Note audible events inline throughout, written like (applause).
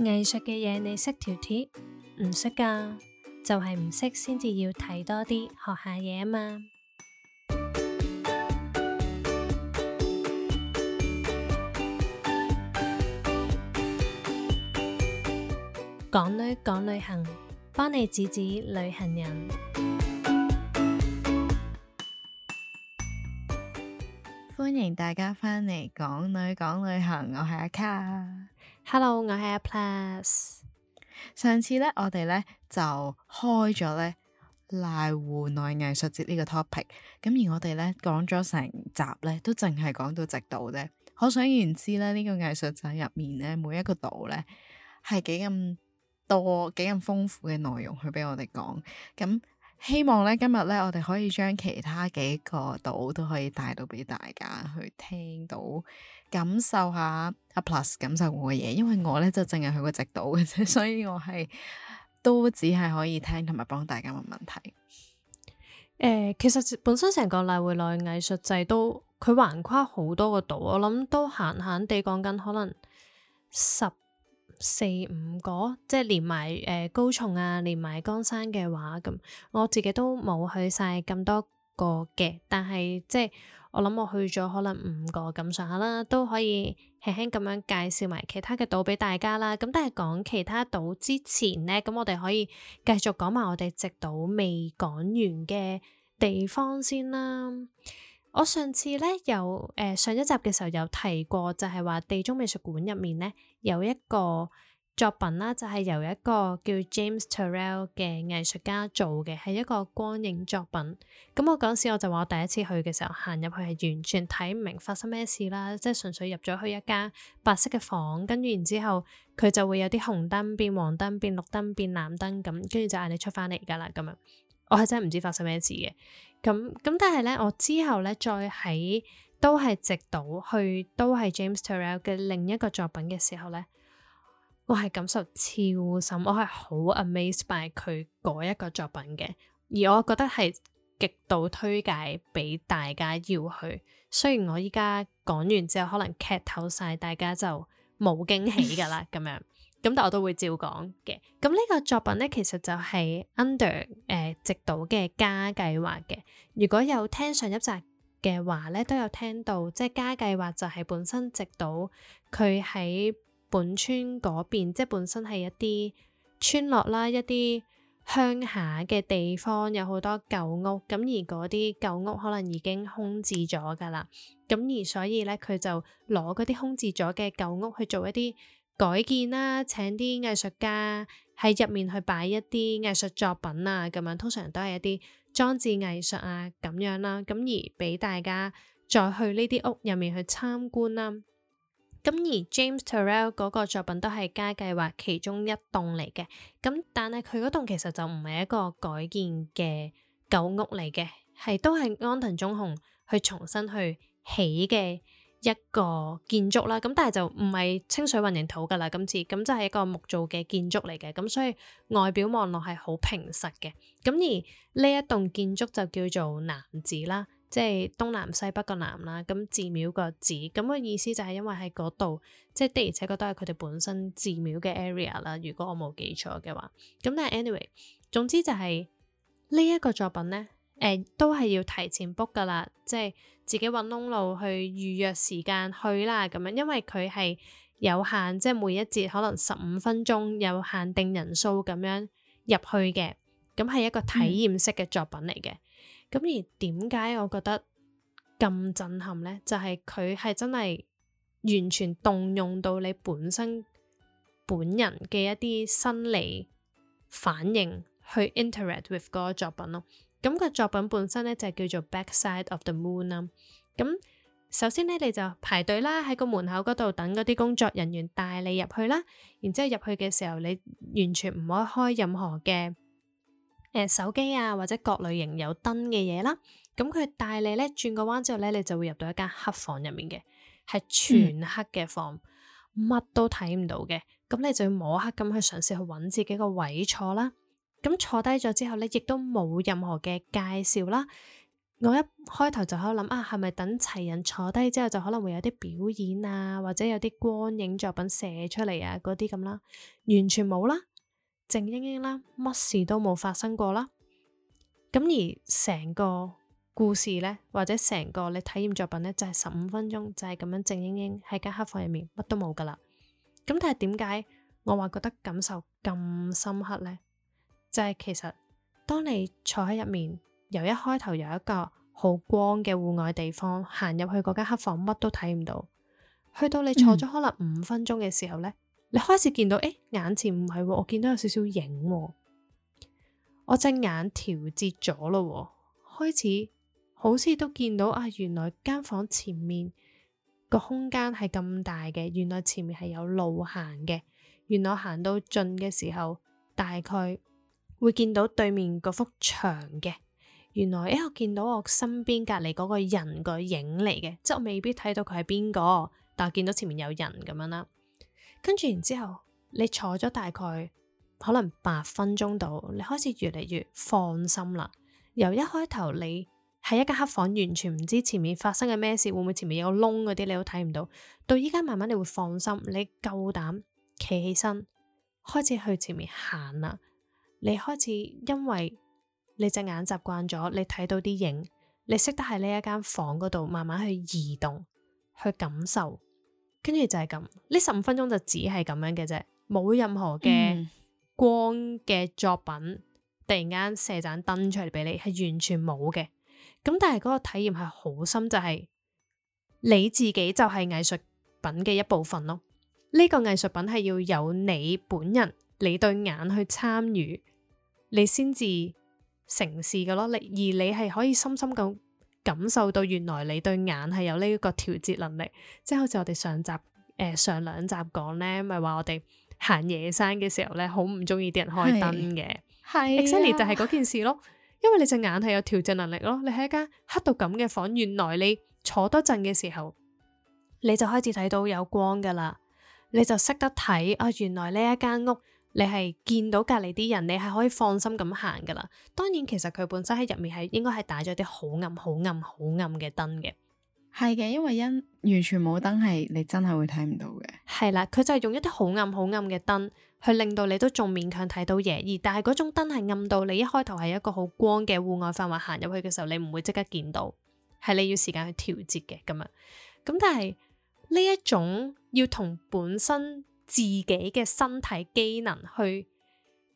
藝術嘅嘢你識條鐵唔識㗎，就係唔識先至要睇多啲學下嘢啊嘛！港女港旅行，幫你指指旅行人，歡迎大家返嚟港女港旅行，我係阿卡。Hello，我係阿 Plus。上次咧，我哋咧就開咗咧瀨戶內藝術節呢個 topic。咁而我哋咧講咗成集咧，都淨係講到直島啫。可想而知咧，這個，藝術呢個藝術節入面咧，每一個島咧係幾咁多，幾咁豐富嘅內容去俾我哋講。咁，嗯希望咧今日咧，我哋可以將其他幾個島都可以帶到俾大家去聽到、感受下。A plus 感受我嘅嘢，因為我咧就淨係去過直島嘅啫，所以我係都只係可以聽同埋幫大家問問題。誒，其實本身成個瀨戶內藝術祭都佢橫跨好多個島，我諗都閒閒地講緊可能十四五個，即係連埋誒高松啊，連埋岡山嘅話咁，我自己都冇去晒咁多個嘅。但係即係我諗我去咗可能五個咁上下啦，都可以輕輕咁樣介紹埋其他嘅島俾大家啦。咁但係講其他島之前呢，咁我哋可以繼續講埋我哋直島未講完嘅地方先啦。我上次咧有誒、呃、上一集嘅時候有提過，就係話地中美術館入面咧有一個作品啦，就係、是、由一個叫 James Turrell 嘅藝術家做嘅，係一個光影作品。咁我嗰時我就話我第一次去嘅時候行入去係完全睇唔明發生咩事啦，即係純粹入咗去一間白色嘅房，跟住然之後佢就會有啲紅燈變黃燈變綠燈，變綠燈變藍燈咁，跟住就嗌你出翻嚟噶啦咁樣。我係真係唔知發生咩事嘅，咁咁但係呢，我之後呢，再喺都係直到去都係 James Turrell 嘅另一個作品嘅時候呢，我係感受超深，我係好 amazed by 佢嗰一個作品嘅，而我覺得係極度推介俾大家要去。雖然我依家講完之後，可能劇透晒大家就冇驚喜㗎喇，咁樣。咁但我都會照講嘅。咁呢個作品呢，其實就係 under 誒直島嘅家計劃嘅。如果有聽上一集嘅話呢，都有聽到，即係家計劃就係本身直島佢喺本村嗰邊，即係本身係一啲村落啦，一啲鄉下嘅地方，有好多舊屋。咁而嗰啲舊屋可能已經空置咗㗎喇。咁而所以呢，佢就攞嗰啲空置咗嘅舊屋去做一啲。改建啦，請啲藝術家喺入面去擺一啲藝術作品啊，咁樣通常都係一啲裝置藝術啊，咁樣啦，咁而俾大家再去呢啲屋入面去參觀啦。咁而 James Turrell 嗰個作品都係家計劃其中一棟嚟嘅，咁但係佢嗰棟其實就唔係一個改建嘅舊屋嚟嘅，係都係安藤忠雄去重新去起嘅。一個建築啦，咁但係就唔係清水混凝土㗎啦，今次咁就係一個木造嘅建築嚟嘅，咁所以外表望落係好平實嘅。咁而呢一棟建築就叫做南寺啦，即係東南西北個南啦，咁寺廟個寺，咁嘅意思就係因為喺嗰度，即係的而且確都係佢哋本身寺廟嘅 area 啦。如果我冇記錯嘅話，咁但係 anyway，總之就係呢一個作品呢。呃、都係要提前 book 噶啦，即係自己揾窿路去預約時間去啦，咁樣，因為佢係有限，即係每一節可能十五分鐘，有限定人數咁樣入去嘅，咁係一個體驗式嘅作品嚟嘅。咁、嗯、而點解我覺得咁震撼呢？就係佢係真係完全動用到你本身本人嘅一啲心理反應去 interact with 嗰個作品咯。咁個作品本身咧，就叫做 Backside of the Moon 啦。咁首先咧，你就排隊啦，喺個門口嗰度等嗰啲工作人員帶你入去啦。然之後入去嘅時候，你完全唔可以開任何嘅誒手機啊，或者各類型有燈嘅嘢啦。咁佢帶你咧，轉個彎之後咧，你就會入到一間黑房入面嘅，係全黑嘅房，乜、嗯、都睇唔到嘅。咁你就要摸黑咁去嘗試去揾自己個位坐啦。咁坐低咗之後呢，亦都冇任何嘅介紹啦。我一開頭就喺度諗啊，係咪等齊人坐低之後就可能會有啲表演啊，或者有啲光影作品射出嚟啊，嗰啲咁啦，完全冇啦，靜英英啦，乜事都冇發生過啦。咁而成個故事呢，或者成個你體驗作品呢，就係十五分鐘，就係咁樣靜英英喺間黑房入面，乜都冇噶啦。咁但係點解我話覺得感受咁深刻呢？就係其實，當你坐喺入面，由一開頭有一個好光嘅戶外地方行入去嗰間黑房，乜都睇唔到。去到你坐咗可能五分鐘嘅時候呢，嗯、你開始見到誒，眼前唔係、哦、我見到有少少影、哦，我隻眼調節咗啦、哦，開始好似都見到啊，原來間房前面個空間係咁大嘅，原來前面係有路行嘅，原來行到盡嘅時候大概。會見到對面嗰幅牆嘅，原來誒，我見到我身邊隔籬嗰個人個影嚟嘅，即係我未必睇到佢係邊個，但係見到前面有人咁樣啦。跟住然之後，你坐咗大概可能八分鐘到，你開始越嚟越放心啦。由一開頭你喺一間黑房，完全唔知前面發生嘅咩事，會唔會前面有窿嗰啲，你都睇唔到。到依家慢慢你會放心，你夠膽企起身，開始去前面行啦、啊。你開始，因為你隻眼習慣咗，你睇到啲影，你識得喺呢一間房嗰度慢慢去移動，去感受，跟住就係咁。呢十五分鐘就只係咁樣嘅啫，冇任何嘅光嘅作品突然間射盞燈出嚟俾你，係完全冇嘅。咁但係嗰個體驗係好深，就係你自己就係藝術品嘅一部分咯。呢個藝術品係要有你本人，你對眼去參與，你先至成事嘅咯。你而你係可以深深咁感受到，原來你對眼係有呢一個調節能力，即係好似我哋上集誒、呃、上兩集講咧，咪話我哋行野山嘅時候咧，好唔中意啲人開燈嘅，係 exactly 就係嗰件事咯。因為你隻眼係有調節能力咯，你喺一間黑到咁嘅房，原來你坐多陣嘅時候，你就開始睇到有光噶啦，你就識得睇啊。原來呢一間屋。你係見到隔籬啲人，你係可以放心咁行噶啦。當然，其實佢本身喺入面係應該係打咗啲好暗、好暗、好暗嘅燈嘅。係嘅，因為因完全冇燈係，你真係會睇唔到嘅。係啦，佢就係用一啲好暗、好暗嘅燈去令到你都仲勉強睇到嘢，而但係嗰種燈係暗到你一開頭係一個好光嘅戶外範圍行入去嘅時候，你唔會即刻見到，係你要時間去調節嘅咁啊。咁但係呢一種要同本身。自己嘅身體機能去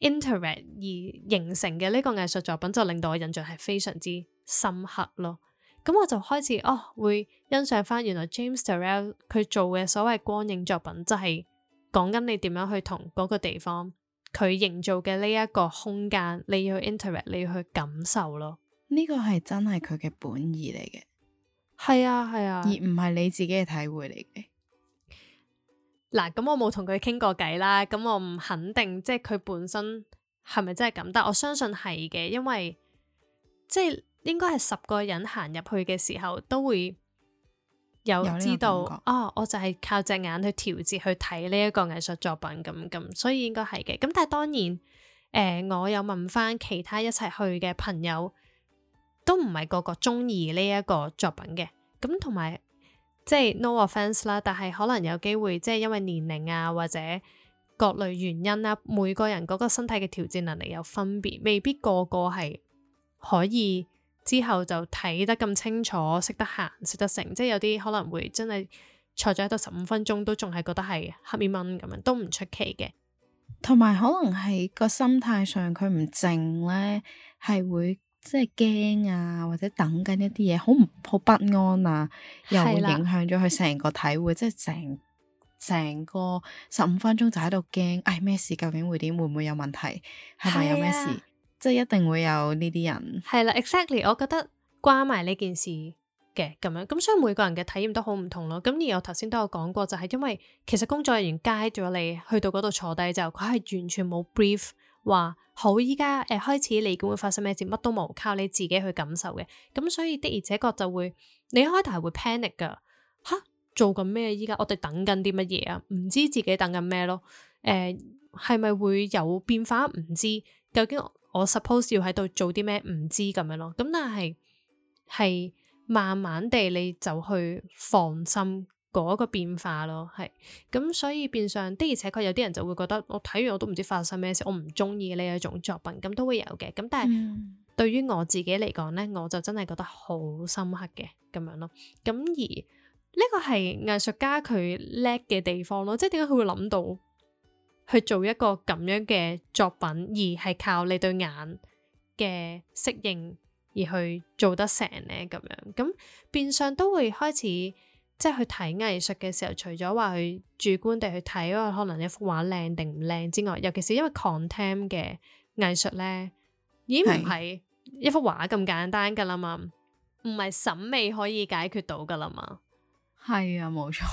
interact 而形成嘅呢個藝術作品，就令到我印象係非常之深刻咯。咁我就開始哦，會欣賞翻原來 James Turrell 佢做嘅所謂光影作品，就係講緊你點樣去同嗰個地方佢營造嘅呢一個空間，你要 interact，你要去感受咯。呢個係真係佢嘅本意嚟嘅，係啊，係啊，啊而唔係你自己嘅體會嚟嘅。嗱，咁我冇同佢傾過偈啦，咁我唔肯定，即係佢本身係咪真係咁，但我相信係嘅，因為即係應該係十個人行入去嘅時候，都會有知道，哦、啊，我就係靠隻眼去調節去睇呢一個藝術作品咁，咁所以應該係嘅，咁但係當然，誒、呃，我有問翻其他一齊去嘅朋友，都唔係個個中意呢一個作品嘅，咁同埋。即係 no offence 啦，但係可能有機會，即係因為年齡啊或者各類原因啦、啊，每個人嗰個身體嘅調節能力有分別，未必個個係可以之後就睇得咁清楚，識得行，識得成，即係有啲可能會真係坐咗喺度十五分鐘都仲係覺得係黑面蚊咁樣，都唔出奇嘅。同埋可能係個心態上佢唔靜呢，係會。即係驚啊，或者等緊一啲嘢，好唔好不安啊？又會影響咗佢成個體會，的即係成成個十五分鐘就喺度驚，唉、哎，咩事？究竟會點？會唔會有問題？係咪的有咩事？即係一定會有呢啲人。係啦，exactly，我覺得關埋呢件事嘅咁樣，咁所以每個人嘅體驗都好唔同咯。咁而我頭先都有講過，就係、是，因為其實工作人員街咗你去到嗰度坐低就，佢係完全冇 brief。話好，依家，誒開始，你會會發生咩事？乜都冇，靠你自己去感受嘅。咁所以的而且確就會，你開頭係會 panic 㗎吓，做緊咩？依家我哋等緊啲乜嘢啊？唔知自己等緊咩咯。誒、呃，係咪會有變化？唔知。究竟我 suppose 要喺度做啲咩？唔知咁樣咯。咁但係係慢慢地，你就去放心。嗰個變化咯，係咁所以變相的，而且確有啲人就會覺得我睇完我都唔知發生咩事，我唔中意呢一種作品，咁都會有嘅。咁但係、嗯、對於我自己嚟講呢，我就真係覺得好深刻嘅咁樣咯。咁而呢個係藝術家佢叻嘅地方咯，即係點解佢會諗到去做一個咁樣嘅作品，而係靠你對眼嘅適應而去做得成呢？咁樣。咁變相都會開始。即係去睇藝術嘅時候，除咗話去主觀地去睇，可能一幅畫靚定唔靚之外，尤其是因為 contem 嘅藝術咧，已經唔係一幅畫咁簡單噶啦嘛，唔係審美可以解決到噶啦嘛。係啊，冇錯。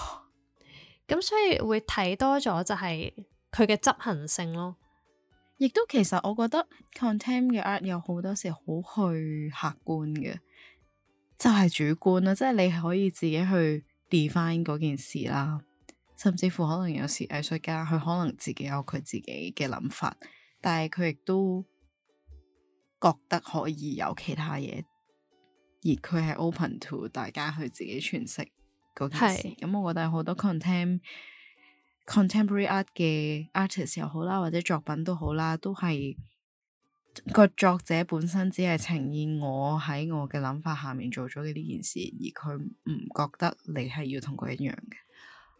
咁所以會睇多咗就係佢嘅執行性咯。亦都其實我覺得 contem 嘅 art 有好多時好去客觀嘅，就係主觀啦，即係你可以自己去。define 嗰件事啦，甚至乎可能有時藝術家佢可能自己有佢自己嘅諗法，但係佢亦都覺得可以有其他嘢，而佢係 open to 大家去自己詮釋嗰件事。咁是、嗯、我覺得好多 contemp contemporary art 嘅 artist 又好啦，或者作品都好啦，都係。個作者本身只係呈現我喺我嘅諗法下面做咗嘅呢件事，而佢唔覺得你係要同佢一樣嘅。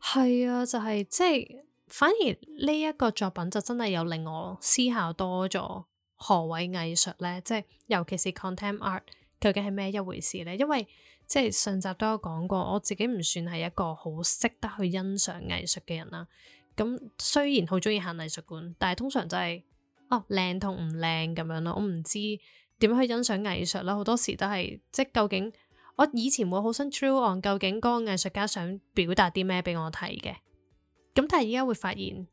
係啊，就係、是、即係，反而呢一個作品就真係有令我思考多咗何謂藝術呢？即係尤其是 contem art 究竟係咩一回事呢？因為即係上集都有講過，我自己唔算係一個好識得去欣賞藝術嘅人啦。咁雖然好中意行藝術館，但係通常就係、是。哦，靚同唔靚咁樣咯，我唔知點去欣賞藝術啦。好多時都係即係究竟，我以前會好想 true on 究竟個藝術家想表達啲咩俾我睇嘅。咁但係而家會發現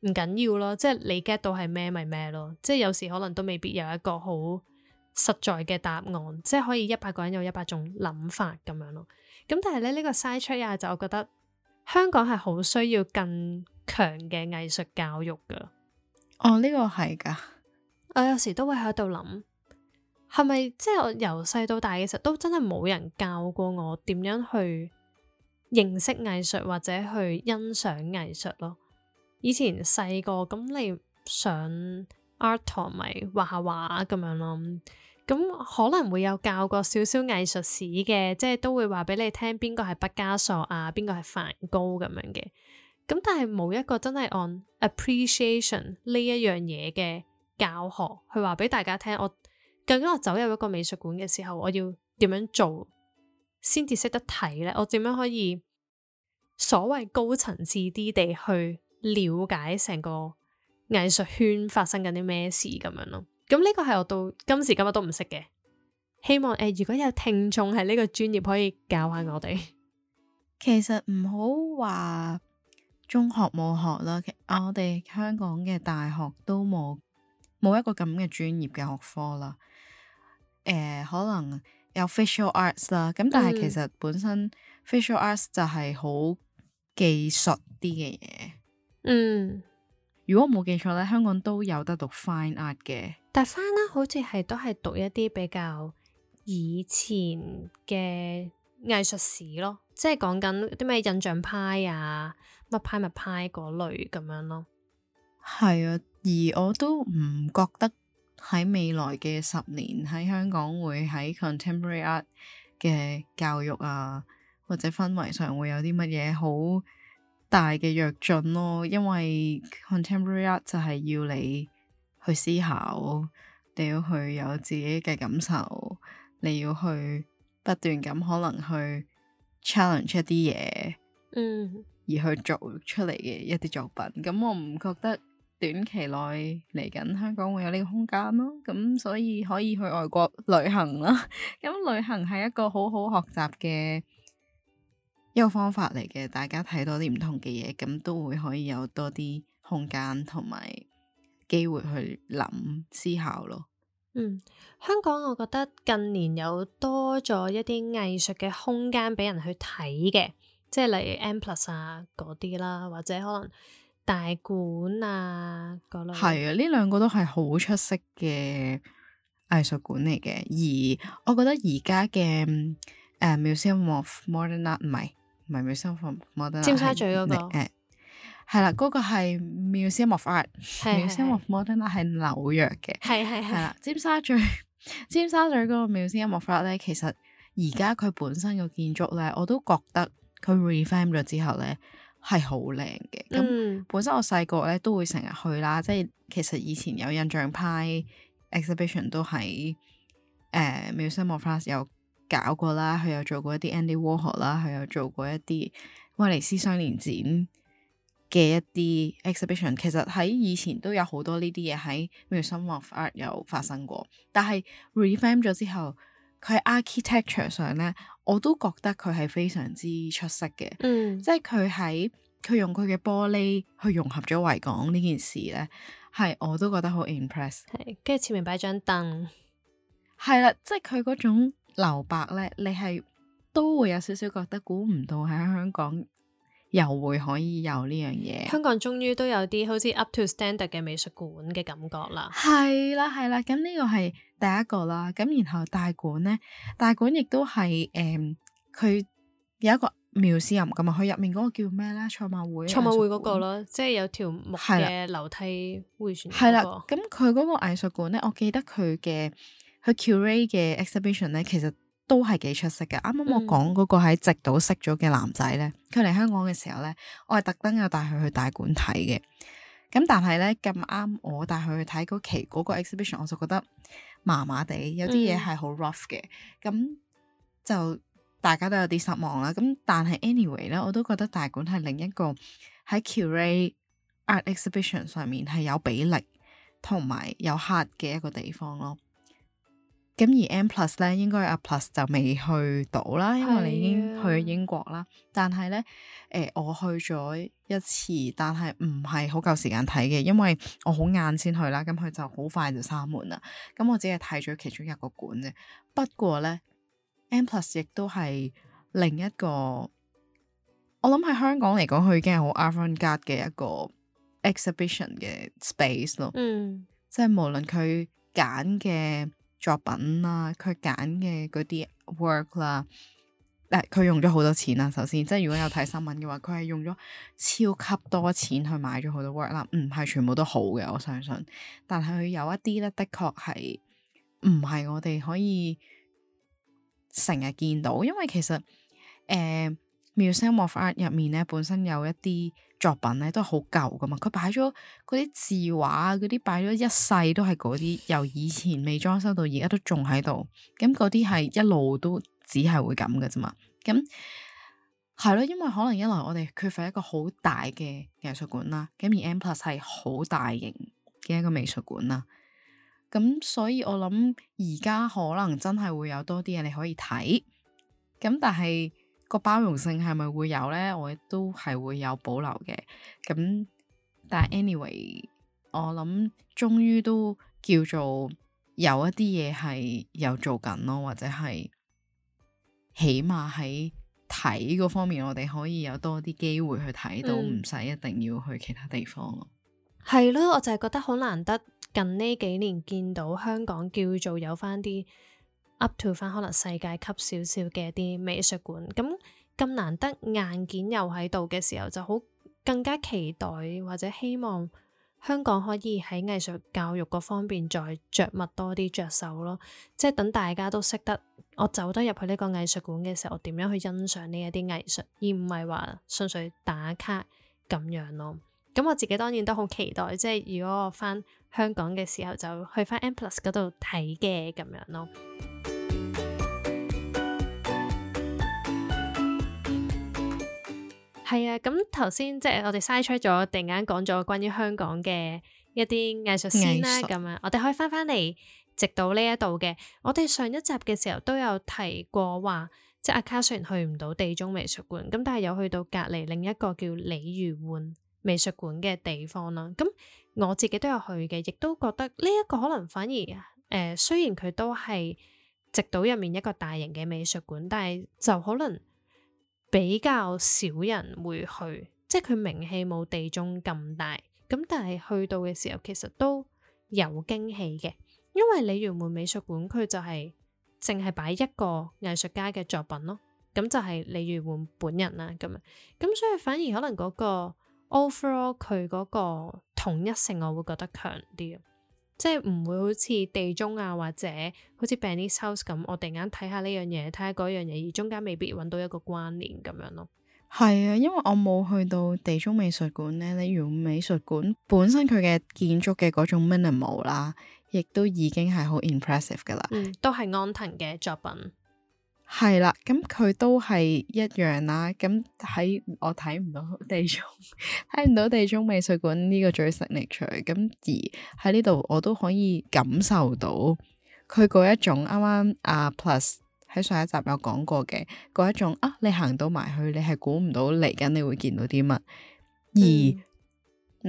唔緊要咯，即係你 get 到係咩咪咩咯。即係有時可能都未必有一個好實在嘅答案，即係可以一百個人有一百種諗法咁樣咯。咁但係咧呢個 side track 啊，就我覺得香港係好需要更強嘅藝術教育㗎。哦，呢、個係噶，我有時都會喺度諗，係咪即係我由細到大嘅時候都真係冇人教過我點樣去認識藝術或者去欣賞藝術咯？以前細個咁你上 art 堂咪畫下畫咁樣咯，咁可能會有教過少少藝術史嘅，即係都會話俾你聽邊個係畢加索啊，邊個係梵高咁樣嘅。咁但係冇一個真係按 appreciation 呢一樣嘢嘅教學去話俾大家聽，我究竟我走入一個美術館嘅時候，我要點樣做先至識得睇呢？我點樣可以所謂高層次啲地去了解成個藝術圈發生緊啲咩事咁樣咯？咁呢個係我到今時今日都唔識嘅。希望誒、呃，如果有聽眾係呢個專業，可以教下我哋。其實唔好話。中學冇學啦、啊，我哋香港嘅大學都冇冇一個咁嘅專業嘅學科啦。誒、呃，可能有 Facial Arts 啦，咁但係其實本身 Facial Arts 就係好技術啲嘅嘢。嗯，如果冇記錯咧，香港都有得讀 Fine Art 嘅，但 Fine 好似係都係讀一啲比較以前嘅藝術史咯，即係講緊啲咩印象派啊。乜派咪派嗰類咁樣咯，係啊。而我都唔覺得喺未來嘅十年喺香港會喺 contemporary art 嘅教育啊，或者氛圍上會有啲乜嘢好大嘅躍進咯，因為 contemporary art 就係要你去思考，你要去有自己嘅感受，你要去不斷咁可能去 challenge 一啲嘢，嗯。而去做出嚟嘅一啲作品，咁我唔覺得短期內嚟緊香港會有呢個空間咯。咁所以可以去外國旅行啦。咁旅行係一個好好學習嘅一個方法嚟嘅，大家睇多啲唔同嘅嘢，咁都會可以有多啲空間同埋機會去諗思考咯。嗯，香港我覺得近年有多咗一啲藝術嘅空間俾人去睇嘅。即係例如 M plus 啊嗰啲啦，或者可能大館啊嗰類，係啊，呢兩個都係好出色嘅藝術館嚟嘅。而我覺得而家嘅誒 Museum of Modern Art 唔係，唔係 Museum of Modern Art。尖沙咀嗰度誒係啦，嗰個係 Museum of Art，Museum of Modern Art 係紐約嘅，係係係啦。尖沙咀 (laughs) 尖沙咀嗰個 Museum of Art 咧，其實而家佢本身個建築咧，我都覺得。佢 refame 咗之後呢係好靚嘅。本身我細個都會成日去啦，嗯、即係其實以前有印象派 exhibition 都喺、呃、Museum of Art 有搞過啦。佢有做過一啲 Andy Warhol 啦，佢有做過一啲威尼斯雙年展嘅一啲 exhibition。其實喺以前都有好多呢啲嘢喺 Museum of Art 有發生過，但係 refame 咗之後，佢喺 architecture 上呢。我都覺得佢係非常之出色嘅，嗯、即係佢喺佢用佢嘅玻璃去融合咗維港呢件事呢，係我都覺得好 impress。係，跟住前面擺張凳，係啦，即係佢嗰種留白呢，你係都會有少少覺得估唔到喺香港又會可以有呢樣嘢。香港終於都有啲好似 up to standard 嘅美術館嘅感覺啦。係啦，係啦，咁呢個係。第一個啦，咁然後大館咧，大館亦都係誒，佢、嗯、有一個 museum 咁啊。佢入面嗰個叫咩咧？賽馬會，賽馬會嗰個咯，即係有條木嘅樓梯的會選一個。係啦，咁佢嗰個藝術館咧，我記得佢嘅佢 curate 嘅 exhibition 咧，其實都係幾出色嘅。啱啱我講嗰個喺直島識咗嘅男仔咧，佢嚟、嗯、香港嘅時候咧，我係特登有帶佢去大館睇嘅。咁但係咧咁啱，我帶佢去睇嗰期嗰個 exhibition，我就覺得。麻麻地，有啲嘢係好 rough 嘅，咁就、mm hmm。大家都有啲失望啦。咁但係 anyway 咧，我都覺得大館係另一個喺 curate art exhibition 上面係有比例同埋有 heart 嘅一個地方咯。咁而 M plus 咧，應該 A、啊、plus 就未去到啦，因為你已經去英國啦。啊、但係咧，誒、呃，我去咗一次，但係唔係好夠時間睇嘅，因為我好晏先去啦。咁佢就好快就閂門啦。咁我只係睇咗其中一個館啫。不過咧，M plus 亦都係另一個，我諗喺香港嚟講，佢已經係好 avant-garde 嘅一個 exhibition 嘅 space 咯。嗯，即係無論佢揀嘅。作品啦、啊，佢揀嘅嗰啲 work 啦、啊，誒、啊，佢用咗好多錢啦、啊。首先，即係如果有睇新聞嘅話，佢係用咗超級多錢去買咗好多 work 啦、啊。唔係全部都好嘅，我相信。但係佢有一啲咧，的確係唔係我哋可以成日見到，因為其實誒，呃 Museum of Art 入面咧，本身有一啲作品咧，都好舊噶嘛。佢擺咗嗰啲字畫，嗰啲擺咗一世都係嗰啲，由以前未裝修到而家都仲喺度。咁嗰啲係一路都只係會咁噶啫嘛。咁係咯，因為可能一來我哋缺乏一個好大嘅藝術館啦。咁而 M+ 係好大型嘅一個美術館啦。咁所以我諗而家可能真係會有多啲嘢你可以睇。咁但係。個包容性係咪會有呢？我都係會有保留嘅。咁但係 anyway，我諗終於都叫做有一啲嘢係有做緊咯，或者係起碼喺睇嗰方面，我哋可以有多啲機會去睇到，唔使、嗯、一定要去其他地方咯。係咯，我就係覺得好難得，近呢幾年見到香港叫做有返啲。up to 翻可能世界級少少嘅啲美術館，咁咁難得硬件又喺度嘅時候，就好更加期待或者希望香港可以喺藝術教育嗰方面再着墨多啲着手咯，即係等大家都識得我走得入去呢個藝術館嘅時候，我點樣去欣賞呢一啲藝術，而唔係話純粹打卡咁樣咯。咁我自己當然都好期待，即係如果我翻。香港嘅時候就去翻 M+ 嗰度睇嘅咁樣咯。係 (music) 啊，咁頭先即係我哋 side chat 咗，突然間講咗關於香港嘅一啲藝術先啦咁啊，我哋可以翻翻嚟直到呢一度嘅。我哋上一集嘅時候都有提過話，即係阿卡雖然去唔到地中美術館，咁但係有去到隔離另一個叫李禹煥美術館嘅地方啦，咁。我自己都有去嘅，亦都覺得呢一個可能反而誒、呃，雖然佢都係直島入面一個大型嘅美術館，但係就可能比較少人會去，即係佢名氣冇地中咁大。咁但係去到嘅時候，其實都有驚喜嘅，因為李禹煥美術館佢就係淨係擺一個藝術家嘅作品咯。咁就係李禹煥本人啦、啊。咁咁所以反而可能嗰、那個。overall 佢嗰個統一性，我會覺得強啲，即係唔會好似地中啊，或者好似 Benesse House 咁，我突然間睇下呢樣嘢，睇下嗰樣嘢，而中間未必揾到一個關聯咁樣咯。係啊，因為我冇去到地中美術館呢。例如美術館本身佢嘅建築嘅嗰種 minimal 啦，亦都已經係好 impressive 噶啦、嗯，都係安藤嘅作品。係啦，咁佢都係一樣啦。咁喺我睇唔到地中，睇 (laughs) 唔到地中美術館呢個最 signature。咁而喺呢度，我都可以感受到佢嗰一種啱啱啊 Plus 喺上一集有講過嘅嗰一種啊，你行到埋去，你係估唔到嚟緊，你會見到啲乜？而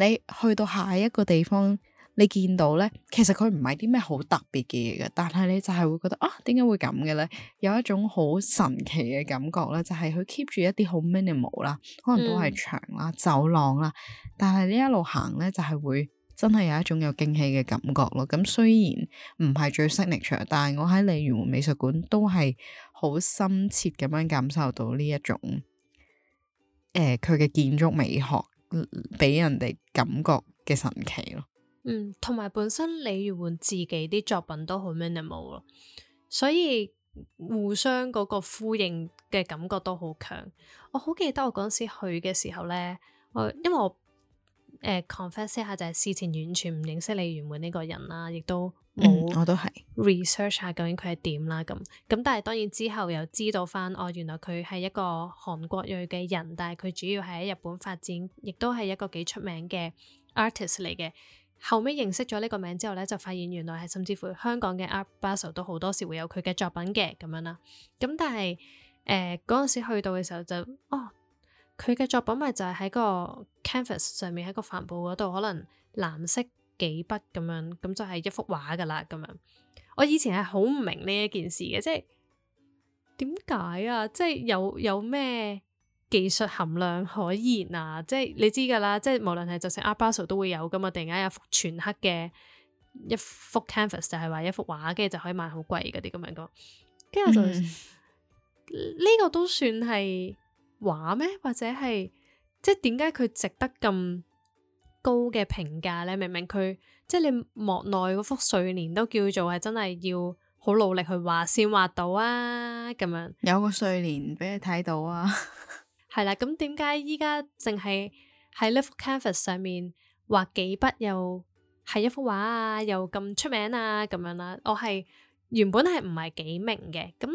你去到下一個地方。你見到咧，其實佢唔係啲咩好特別嘅嘢嘅。但係你就係會覺得啊，點解會咁嘅咧？有一種好神奇嘅感覺咧，就係佢 keep 住一啲好 minimal 啦，可能都係牆啦、走廊啦，但係你一路行咧，就係、是、會真係有一種有驚喜嘅感覺咯。咁、嗯、雖然唔係最 signature，但係我喺李禹煥美術館都係好深切咁樣感受到呢一種誒佢嘅建築美學俾人哋感覺嘅神奇咯。嗯，同埋本身李禹煥自己啲作品都好 minimal 咯，所以互相嗰個呼應嘅感覺都好強。我好記得我嗰陣時去嘅時候咧，我因為我誒、呃、confess 下就係、是、事前完全唔認識李禹煥呢個人啦，亦都冇我都係 research 下究竟佢係點啦咁。咁、嗯、但係當然之後又知道翻哦，原來佢係一個韓國裔嘅人，但係佢主要係喺日本發展，亦都係一個幾出名嘅 artist 嚟嘅。後尾認識咗呢個名之後咧，就發現原來係甚至乎香港嘅 Art Basel 都好多時會有佢嘅作品嘅咁樣啦。咁但係誒嗰陣時去到嘅時候就，哦，佢嘅作品咪就係喺個 canvas 上面喺個帆布嗰度，可能藍色幾筆咁樣，咁就係一幅畫㗎啦咁樣。我以前係好唔明呢一件事嘅，即係點解啊？即係有有咩技術含量可言啊！即係你知噶啦，即係無論係，就算 Art Basel 都會有噶嘛。突然間有幅全黑嘅一幅 canvas，就係話一幅畫，跟住就可以賣好貴嗰啲咁樣講。跟住就呢、是嗯、個都算係畫咩？或者係即係點解佢值得咁高嘅評價咧？明明佢即係你莫奈嗰幅睡蓮都叫做係真係要好努力去畫先畫到啊！咁樣有個睡蓮俾你睇到啊！ (laughs) 係啦，咁點解依家淨係喺呢幅 canvas 上面畫幾筆又係一幅畫啊？又咁出名啊？咁樣啦，我係原本係唔係幾明嘅咁，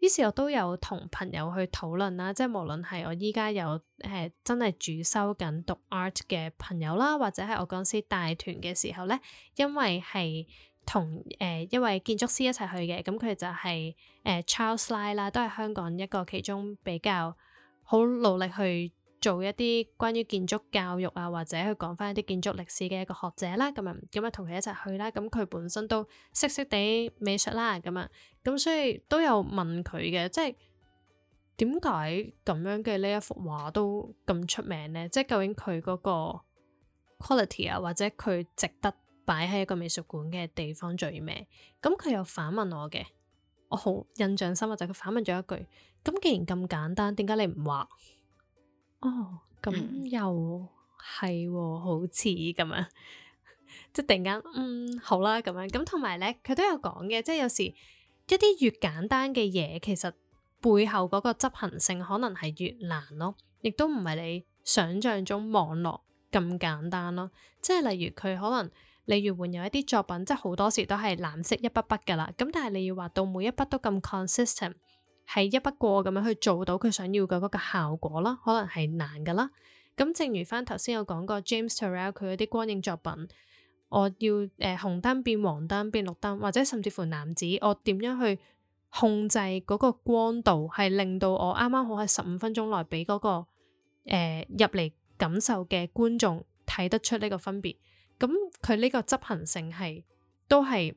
於是，我都有同朋友去討論啦。即係無論係我依家有誒真係主修緊讀 art 嘅朋友啦，或者係我嗰陣時帶團嘅時候咧，因為係同誒一位建築師一齊去嘅，咁佢就係誒 Charles Lie 啦，都係香港一個其中比較。好努力去做一啲關於建築教育啊，或者去講翻一啲建築歷史嘅一個學者啦，咁樣咁啊，同佢一齊去啦。咁佢本身都識識地美術啦，咁啊，咁所以都有問佢嘅，即係點解咁樣嘅呢一幅畫都咁出名呢？即係究竟佢嗰個 quality 啊，或者佢值得擺喺一個美術館嘅地方做咩？咁佢又反問我嘅。我好、哦、印象深刻就係佢反問咗一句：咁既然咁簡單，點解你唔畫？哦，咁又係喎，好似咁樣， (laughs) 即係突然間，嗯，好啦，咁樣，咁同埋咧，佢都有講嘅，即係有時一啲越簡單嘅嘢，其實背後嗰個執行性可能係越難咯，亦都唔係你想像中網絡咁簡單咯，即係例如佢可能。例如，換有一啲作品，即係好多時都係藍色一筆筆嘅啦。咁但係你要畫到每一筆都咁 consistent，係一筆過咁樣去做到佢想要嘅嗰個效果啦，可能係難嘅啦。咁正如翻頭先有講過 James Turrell 佢嗰啲光影作品，我要誒、呃、紅燈變黃燈變綠燈，或者甚至乎藍紫，我點樣去控制嗰個光度，係令到我啱啱好喺十五分鐘內俾嗰、個、呃、入嚟感受嘅觀眾睇得出呢個分別。咁佢呢個執行性係都係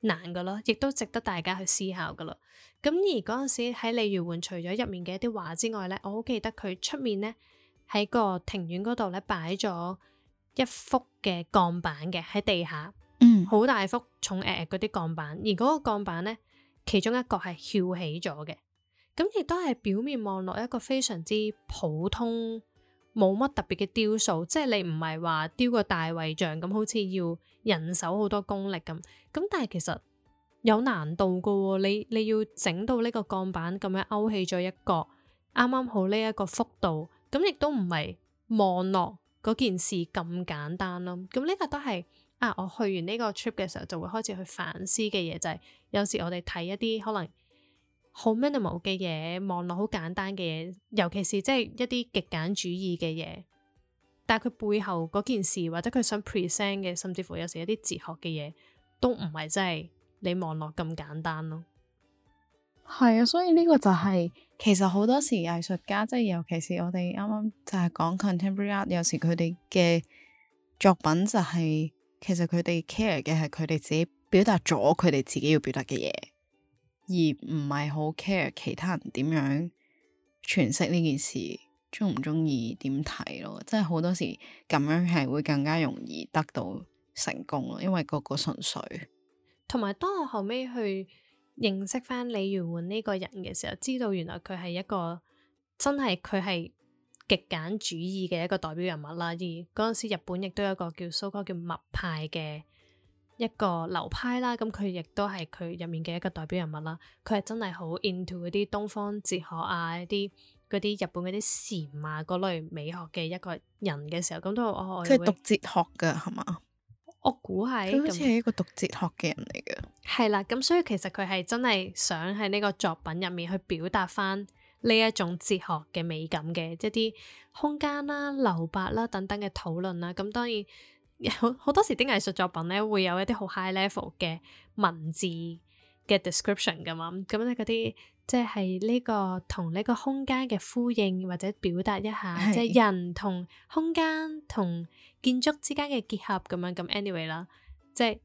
難噶咯，亦都值得大家去思考噶咯。咁而嗰陣時喺李禹煥除咗入面嘅一啲畫之外呢，我好記得佢出面呢，喺個庭院嗰度呢，擺咗一幅嘅鋼板嘅喺地下，好、嗯、大幅重、誒嗰啲鋼板，而嗰個鋼板呢，其中一個係翹起咗嘅，咁亦都係表面望落一個非常之普通。冇乜特別嘅雕塑，即係你唔係話雕個大衛像咁，好似要人手好多功力咁。咁但係其實有難度㗎喎，你你要整到呢個鋼板咁樣勾起咗一個，啱啱好呢一個幅度，咁亦都唔係望落嗰件事咁簡單咯。咁呢個都係啊，我去完呢個 trip 嘅時候就會開始去反思嘅嘢，就係有時我哋睇一啲可能，好 minimal 嘅嘢，望落好簡單嘅嘢，尤其是即係一啲極簡主義嘅嘢。但係佢背後嗰件事，或者佢想 present 嘅，甚至乎有時一啲哲學嘅嘢，都唔係真係你望落咁簡單咯。係啊，所以呢個就係、是、其實好多時藝術家，即係尤其是我哋啱啱就係講 Contemporary Art，有時佢哋嘅作品就係、是、其實佢哋 care 嘅係佢哋自己表達咗佢哋自己要表達嘅嘢。而唔係好 care 其他人點樣詮釋呢件事，鍾唔鍾意點睇咯？即係好多時咁樣係會更加容易得到成功咯，因為個個純粹。同埋當我後尾去認識翻李禹煥呢個人嘅時候，知道原來佢係一個真係佢係極簡主義嘅一個代表人物啦。而嗰陣時日本亦都有一個叫所謂叫物派嘅，一個流派啦，咁佢亦都係佢入面嘅一個代表人物啦。佢係真係好 into 嗰啲東方哲學啊，一啲嗰啲日本嗰啲禪啊嗰類美學嘅一個人嘅時候，咁都我即係讀哲學噶係嘛？我估係佢好似係一個讀哲學嘅人嚟嘅。係啦，咁所以其實佢係真係想喺呢個作品入面去表達翻呢一種哲學嘅美感嘅，即係啲空間啦、啊、留白啦、啊、等等嘅討論啦、啊。咁當然。好好多時啲藝術作品咧，會有一啲好 high level 嘅文字嘅 description 㗎嘛，咁樣，咁咧嗰啲即係呢個同呢個空間嘅呼應或者表達一下，即係是人同空間同建築之間嘅結合咁樣。咁 anyway 啦，即係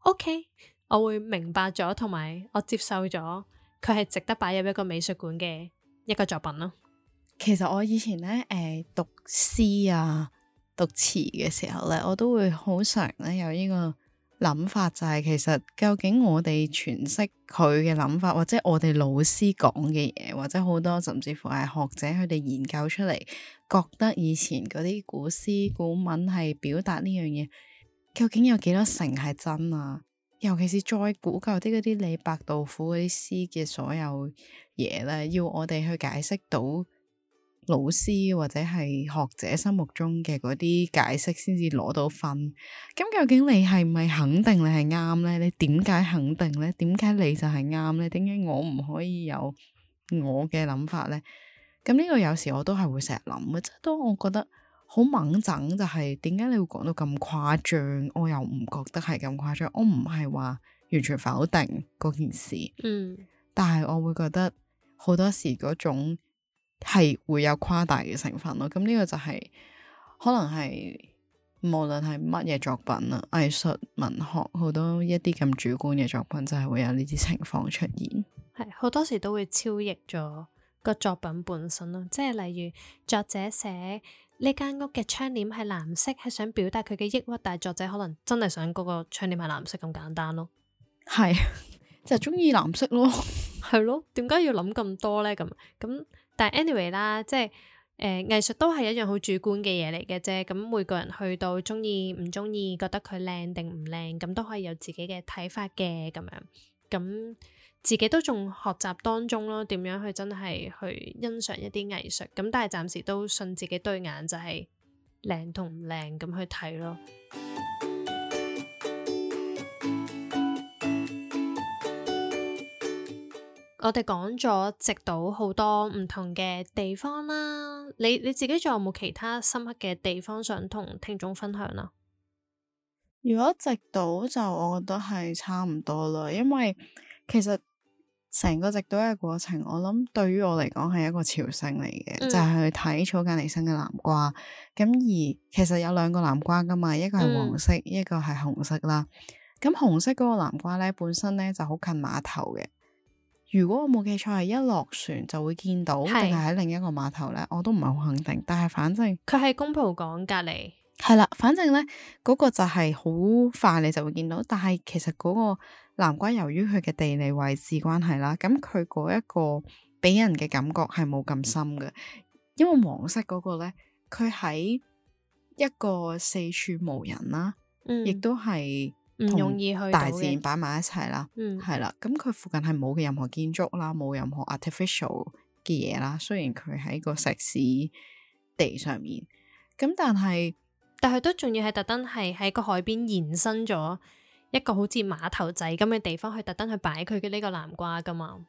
OK，我會明白咗，同埋我接受咗佢係值得擺入一個美術館嘅一個作品咯。其實我以前咧，誒讀詩啊。讀詞嘅時候咧，我都會好常咧有呢個諗法，就係、是、其實究竟我哋詮釋佢嘅諗法，或者我哋老師講嘅嘢，或者好多甚至乎係學者佢哋研究出嚟，覺得以前嗰啲古詩古文係表達呢樣嘢，究竟有幾多成係真啊？尤其是再古舊啲嗰啲李白杜甫嗰啲詩嘅所有嘢咧，要我哋去解釋到老師或者係學者心目中嘅嗰啲解釋先至攞到分，咁究竟你係咪肯定你係啱咧？你點解肯定咧？點解你就係啱咧？點解我唔可以有我嘅諗法咧？咁呢個有時我都係會成日諗嘅，即係都我覺得好猛整，就係點解你會講到咁誇張？我又唔覺得係咁誇張，我唔係話完全否定嗰件事，嗯，但係我會覺得好多時嗰種。係會有誇大嘅成分咯，咁呢個就係、是、可能係無論係乜嘢作品啦，藝術、文學好多一啲咁主觀嘅作品，就係、是、會有呢啲情況出現。係好多時都會超譯咗個作品本身咯，即係例如作者寫呢間屋嘅窗簾係藍色，係想表達佢嘅抑鬱，但係作者可能真係想嗰個窗簾係藍色咁簡單咯。係就係中意藍色咯，係 (laughs) 咯？點解要諗咁多呢？咁咁。但 anyway 啦，即係誒、呃、藝術都係一樣好主觀嘅嘢嚟嘅啫。咁每個人去到中意唔中意，覺得佢靚定唔靚，咁都可以有自己嘅睇法嘅咁樣。咁自己都仲學習當中咯，點樣去真係去欣賞一啲藝術？咁但係暫時都信自己對眼就係靚同唔靚咁去睇咯。我哋講咗直島好多唔同嘅地方啦，你你自己仲有冇其他深刻嘅地方想同聽眾分享啊？如果直島就我覺得係差唔多啦，因為其實成個直島嘅過程，我諗對於我嚟講係一個朝聖嚟嘅，嗯、就係去睇草間彌生嘅南瓜。咁而其實有兩個南瓜噶嘛，一個係黃色，嗯、一個係紅色啦。咁紅色嗰個南瓜咧本身咧就好近碼頭嘅。如果我冇記錯，係一落船就會見到，定係喺另一個碼頭呢？我都唔係好肯定。但係反正佢喺宮浦港隔離，係啦。反正呢，嗰個就係好快你就會見到。但係其實嗰個南瓜，由於佢嘅地理位置關係啦，咁佢嗰一個俾人嘅感覺係冇咁深嘅，因為黃色嗰個呢，佢喺一個四處無人啦，亦、嗯、都係。唔容易去大自然擺埋一齊啦，係啦、嗯，咁佢附近係冇任何建築啦，冇任何 artificial 嘅嘢啦。雖然佢喺個石屎地上面，咁但係，但係都仲要係特登係喺個海邊延伸咗一個好似碼頭仔咁嘅地方去特登去擺佢嘅呢個南瓜㗎嘛。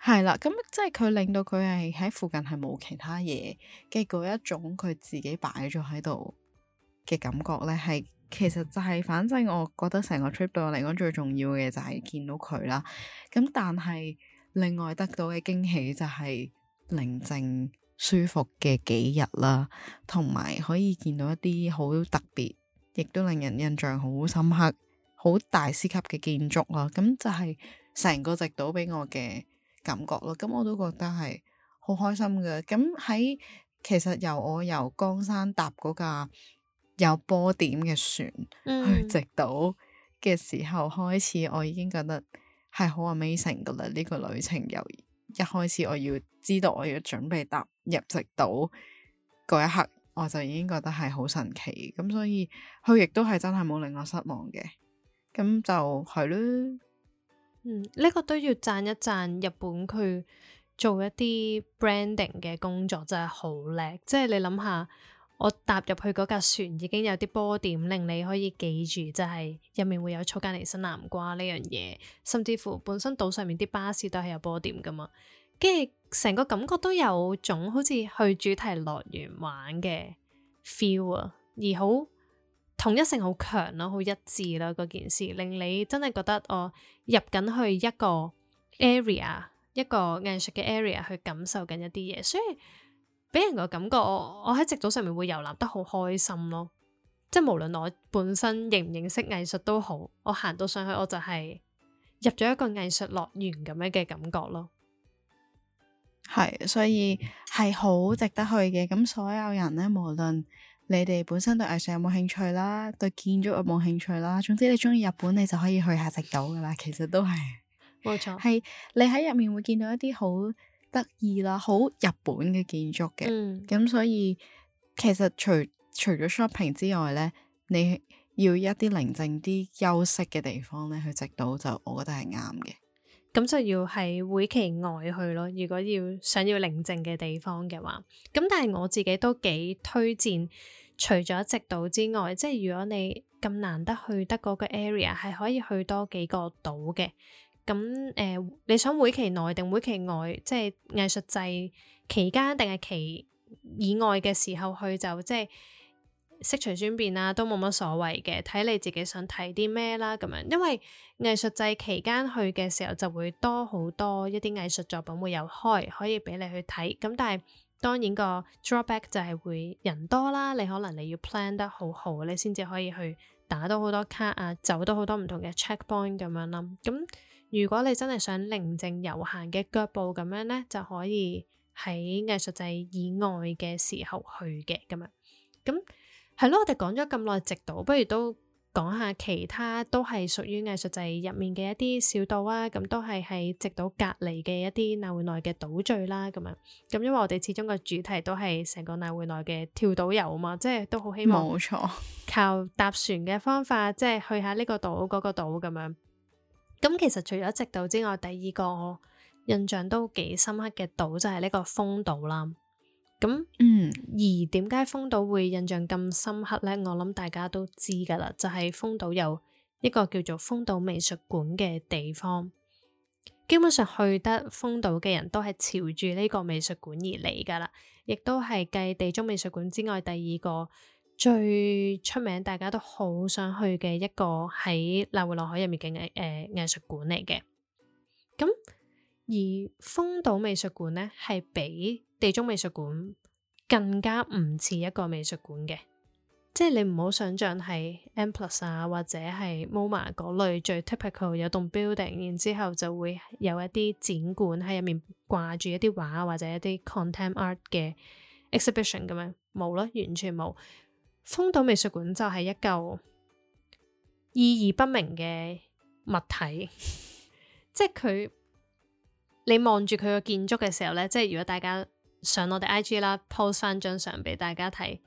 係啦，咁即係佢令到佢係喺附近係冇其他嘢嘅嗰一種，佢自己擺咗喺度嘅感覺咧，係。其實就係，反正我覺得成個 trip 對我嚟講最重要嘅就係見到佢啦。咁但係另外得到嘅驚喜就係寧靜舒服嘅幾日啦，同埋可以見到一啲好特別，亦都令人印象好深刻、好大師級嘅建築啦。咁就係成個直島俾我嘅感覺咯。咁我都覺得係好開心嘅。咁喺其實由我由江山搭嗰架有波點嘅船去直島嘅時候，嗯、開始，我已經覺得係好 amazing 噶啦！呢、這個旅程由一開始我要知道我要準備搭入直島嗰一刻，我就已經覺得係好神奇。咁所以佢亦都係真係冇令我失望嘅。咁就係囉。嗯、呢、這個都要讚一讚日本佢做一啲 branding 嘅工作真係好叻。即係你諗下。我踏入去嗰架船已經有啲波點，令你可以記住就係、是、入面會有草間彌生南瓜呢樣嘢，甚至乎本身島上面啲巴士都係有波點噶嘛，跟住成個感覺都有種好似去主題樂園玩嘅 feel 啊，而好統一性好強咯、啊，好一致啦、啊、嗰件事，令你真係覺得我入緊去一個 area 一個藝術嘅 area 去感受緊一啲嘢，所以。俾人個感覺，我喺直島上面會遊覽得好開心咯，即係無論我本身認唔認識藝術都好，我行到上去我就係入咗一個藝術樂園咁樣嘅感覺咯。係，所以係好值得去嘅。咁所有人呢，無論你哋本身對藝術有冇興趣啦，對建築有冇興趣啦，總之你鍾意日本，你就可以去下直島㗎喇。其實都係，冇錯，係，你喺入面會見到一啲好。得意啦，好日本嘅建築嘅，咁 (noise) (noise) 所以其實除除咗 shopping 之外咧，你要一啲寧靜啲休息嘅地方咧，去直島就我覺得係啱嘅。咁、嗯、就要喺會期外去咯。如果要想要寧靜嘅地方嘅話，咁但係我自己都幾推薦，除咗直島之外，即係如果你咁難得去得嗰個 area，係可以去多幾個島嘅。咁誒、呃，你想會期內定會期外，即係藝術祭期間定係期以外嘅時候去，就即係適時轉變啦，都冇乜所謂嘅，睇你自己想睇啲咩啦。咁樣，因為藝術祭期間去嘅時候就會多好多一啲藝術作品會有開，可以俾你去睇。咁但係當然個 drawback 就係會人多啦，你可能你要 plan 得好好，你先至可以去打到好多卡啊，走多好多唔同嘅 checkpoint 咁樣啦。咁如果你真係想寧靜悠閒嘅腳步咁樣呢，就可以喺藝術祭以外嘅時候去嘅咁樣。咁係咯，我哋講咗咁耐直島，不如都講下其他都係屬於藝術祭入面嘅一啲小島啊。咁都係喺直島隔離嘅一啲瀨戶內嘅島嶼啦。咁樣咁，因為我哋始終個主題都係成個瀨戶內嘅跳島遊啊嘛，即係都好希望冇錯靠搭船嘅方法，沒錯 即係去下呢個島嗰個島咁樣。咁其實除咗直島之外，第二個我印象都幾深刻嘅島就係呢個豐島啦。咁，嗯，而點解豐島會印象咁深刻呢？我諗大家都知㗎啦，就係豐島有一個叫做豐島美術館嘅地方。基本上去得豐島嘅人都係朝住呢個美術館而嚟㗎啦，亦都係繼地中美術館之外第二個最出名，大家都好想去嘅一個喺瀨戶內海入面嘅藝誒藝術館嚟嘅。咁、呃、而豐島美術館呢，係比地中美術館更加唔似一個美術館嘅，即係你唔好想象係 Mplus 啊，或者係 MoMA 嗰類最 typical 有棟 building，然之後就會有一啲展館喺入面掛住一啲畫或者一啲 contemporary art 嘅 exhibition 咁樣，冇啦，完全冇。豐島美術館就係一嚿意義不明嘅物體， (laughs) 即係佢你望住佢個建築嘅時候呢，即係如果大家上我哋 I G 啦，post 翻張相俾大家睇，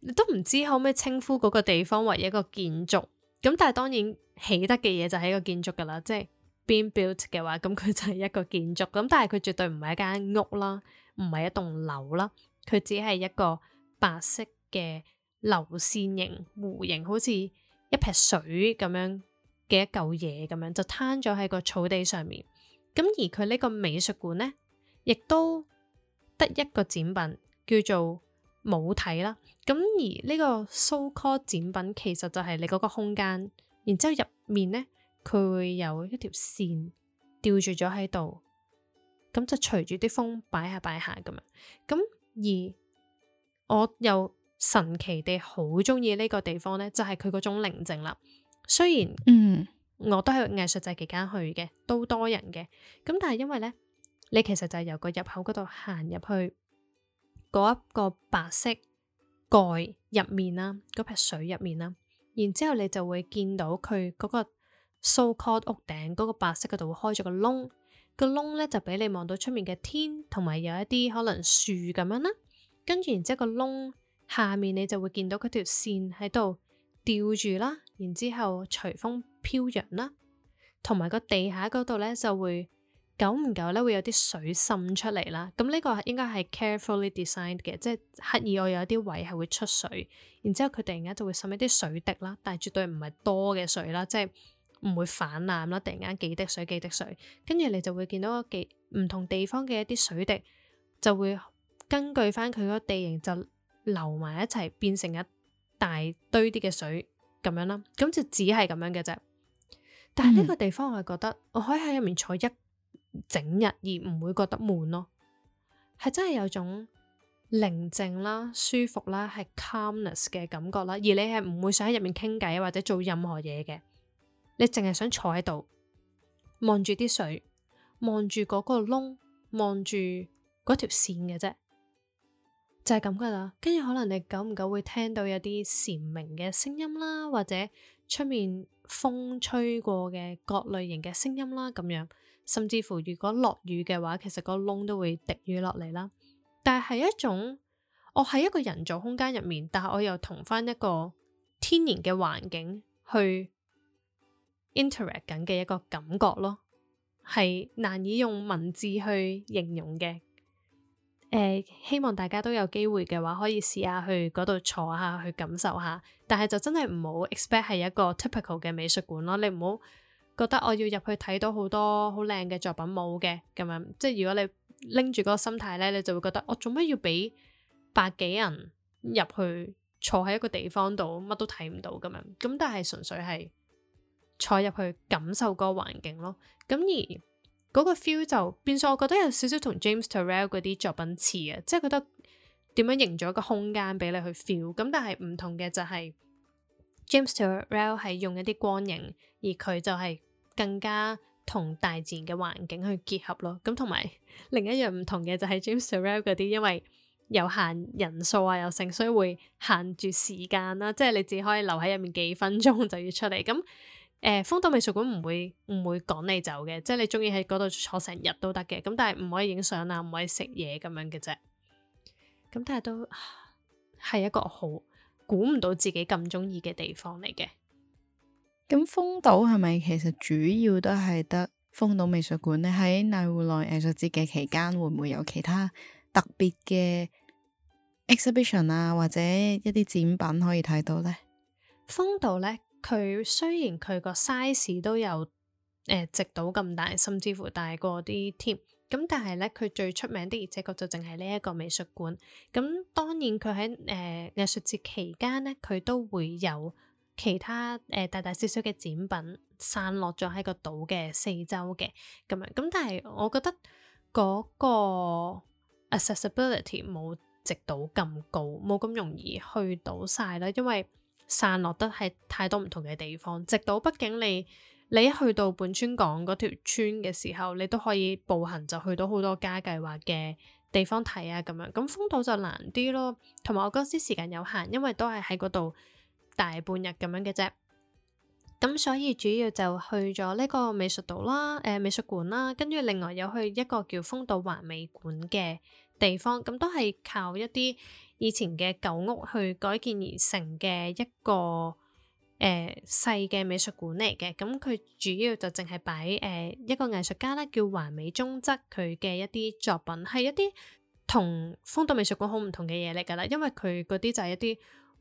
你都唔知可唔可以稱呼嗰個地方為一個建築咁。但係當然起得嘅嘢就係一個建築噶啦，即係 been built 嘅話，咁佢就係一個建築咁。但係佢絕對唔係一間屋啦，唔係一棟樓啦，佢只係一個白色。嘅流線型弧形，好似一撇水咁樣嘅一嚿嘢咁樣，就攤咗喺個草地上面。咁而佢呢個美術館呢，亦都得一個展品，叫做母體啦。咁而呢個 so call 展品，其實就係你嗰個空間，然之後入面呢，佢會有一條線吊住咗喺度，咁就隨住啲風擺下擺下咁樣。咁而我又。神奇地好中意呢個地方呢，就係佢嗰種寧靜啦。雖然，嗯，我都係藝術節期間去嘅，都多人嘅。咁但係因為呢，你其實就係由個入口嗰度行入去嗰一個白色蓋入面啦，嗰批水入面啦，然之後你就會見到佢嗰個 so-called 屋頂嗰個白色嗰度會開咗個窿，個窿呢，就俾你望到出面嘅天，同埋有一啲可能樹咁樣啦。跟住然之後個窿。下面你就會見到嗰條線喺度吊住啦，然之後隨風飄揚啦，同埋個地下嗰度呢就會久唔久咧會有啲水滲出嚟啦。咁呢個應該係 carefully designed 嘅，即係刻意我有啲位係會出水，然之後佢突然間就會滲一啲水滴啦，但係絕對唔係多嘅水啦，即係唔會泛濫啦。突然間幾滴水幾滴水，跟住你就會見到個幾唔同地方嘅一啲水滴就會根據翻佢嗰地形就，流埋一齊，變成一大堆啲嘅水咁樣啦，咁就只係咁樣嘅啫。但係呢個地方，嗯、我係覺得我可以喺入面坐一整日而唔會覺得悶咯，係真係有種寧靜啦、舒服啦，係 calmness 嘅感覺啦。而你係唔會想喺入面傾偈或者做任何嘢嘅，你淨係想坐喺度望住啲水，望住嗰個窿，望住嗰條線嘅啫。就係咁㗎啦，跟住可能你久唔久會聽到有啲蟬鳴嘅聲音啦，或者出面風吹過嘅各類型嘅聲音啦，咁樣，甚至乎如果落雨嘅話，其實個窿都會滴雨落嚟啦。但係一種，我喺一個人造空間入面，但係我又同返一個天然嘅環境去 interact 緊嘅一個感覺咯，係難以用文字去形容嘅。呃，希望大家都有機會嘅話，可以試下去嗰度坐下去感受下。但係就真係唔好 expect 係一個 typical 嘅美術館咯。你唔好覺得我要入去睇到好多好靚嘅作品，冇嘅咁樣。即係如果你拎住嗰個心態呢，你就會覺得我做乜要俾百幾人入去坐喺一個地方度，乜都睇唔到咁樣。咁但係純粹係坐入去感受個環境咯。咁而嗰個 feel 就變相，我覺得有少少同 James Turrell 嗰啲作品似啊，即係覺得點樣營造一個空間俾你去 feel。咁但係唔同嘅就係 James Turrell 係用一啲光影，而佢就係更加同大自然嘅環境去結合咯。咁同埋另一樣唔同嘅就係 James Turrell 嗰啲，因為有限人數啊，又剩，所以會限住時間啦、啊。即係你只可以留喺入面幾分鐘就要出嚟咁。嗯誒、豐島、欸、美術館唔會唔會趕你走嘅，即係你中意喺嗰度坐成日都得嘅，咁但係唔可以影相啦，唔可以食嘢咁樣嘅啫。咁但係都係一個好估唔到自己咁中意嘅地方嚟嘅。咁豐島係咪其實主要都係得豐島美術館咧？喺瀨戶內藝術節嘅期間，會唔會有其他特別嘅 exhibition 啊，或者一啲展品可以睇到呢？豐島咧。佢雖然佢個 size 都有誒直島咁大，甚至乎大過啲添。咁但係呢，佢最出名的而且確就淨係呢一個美術館。咁當然佢喺誒藝術節期間呢，佢都會有其他誒、呃、大大小小嘅展品散落咗喺個島嘅四周嘅咁樣。咁但係我覺得嗰個 accessibility 冇直島咁高，冇咁容易去到晒啦，因為散落得係太多唔同嘅地方，直到畢竟你你一去到本村港嗰條村嘅時候，你都可以步行就去到好多家計劃嘅地方睇啊咁樣。咁風島就難啲咯，同埋我嗰時時間有限，因為都係喺嗰度大半日咁樣嘅啫。咁所以主要就去咗呢個美術島啦，誒、呃、美術館啦，跟住另外有去一個叫風島華美館嘅地方，咁都係靠一啲。以前嘅舊屋去改建而成嘅一個誒、呃、細嘅美術館嚟嘅，咁、嗯、佢主要就淨係擺誒、呃、一個藝術家咧叫橫尾忠則佢嘅一啲作品，係一啲同豐島美術館好唔同嘅嘢嚟噶啦，因為佢嗰啲就係一啲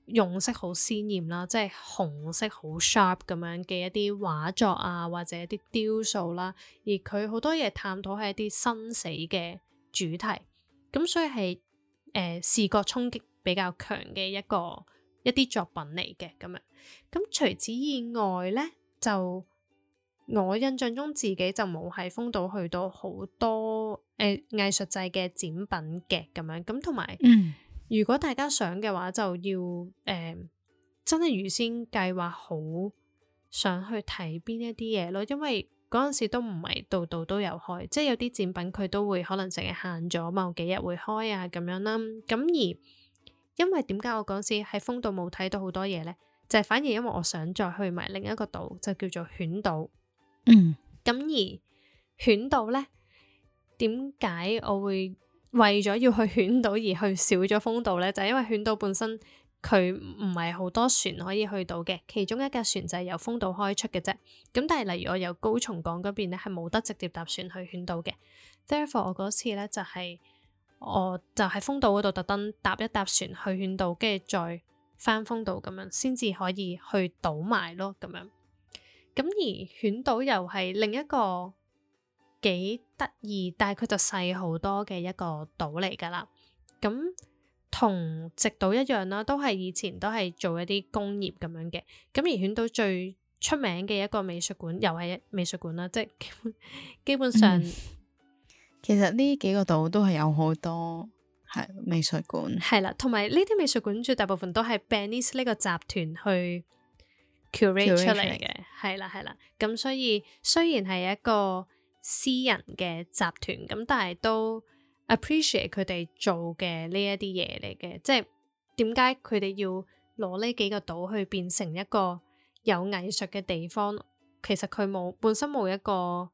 用色好鮮豔啦，即係紅色好 sharp 咁樣嘅一啲畫作啊，或者一啲雕塑啦、啊，而佢好多嘢探討係一啲生死嘅主題，咁、嗯、所以係。誒、呃，視覺衝擊比較強嘅一個一啲作品嚟嘅咁樣，咁、嗯、除此以外呢，就我印象中自己就冇喺豐島去到好多誒藝術制嘅展品嘅咁樣，咁同埋，嗯、如果大家想嘅話，就要誒、呃、真係預先計劃好想去睇邊一啲嘢咯，因為。嗰陣時都唔係度度都有開，即係有啲展品佢都會可能成日限咗，某幾日會開啊咁樣啦。咁而因為點解我嗰陣時喺風島冇睇到好多嘢呢？就係反而因為我想再去埋另一個島，就叫做犬島。嗯，咁而犬島呢，點解我會為咗要去犬島而去少咗風島呢？就係因為犬島本身。佢唔係好多船可以去到嘅，其中一架船就係由風島開出嘅啫。咁但係例如我由高松港嗰邊咧，係冇得直接搭船去犬島嘅。Therefore 我嗰次咧就係、是、我就喺風島嗰度特登搭一搭船去犬島，跟住再返風島咁樣，先至可以去島埋咯咁樣。咁而犬島又係另一個幾得意，但係佢就細好多嘅一個島嚟㗎啦。咁同直島一樣啦，都係以前都係做一啲工業咁樣嘅。咁而犬島最出名嘅一個美術館又係美術館啦，即係基本基本上、嗯、其實呢幾個島都係有好多係美術館係啦，同埋呢啲美術館主要大部分都係 Benis 呢個集團去 curate 出嚟嘅係啦係啦，咁 Curate，所以雖然係一個私人嘅集團咁，但係都 appreciate 佢哋做嘅呢一啲嘢嚟嘅，即係點解佢哋要攞呢幾個島去變成一個有藝術嘅地方？其實佢冇本身冇一個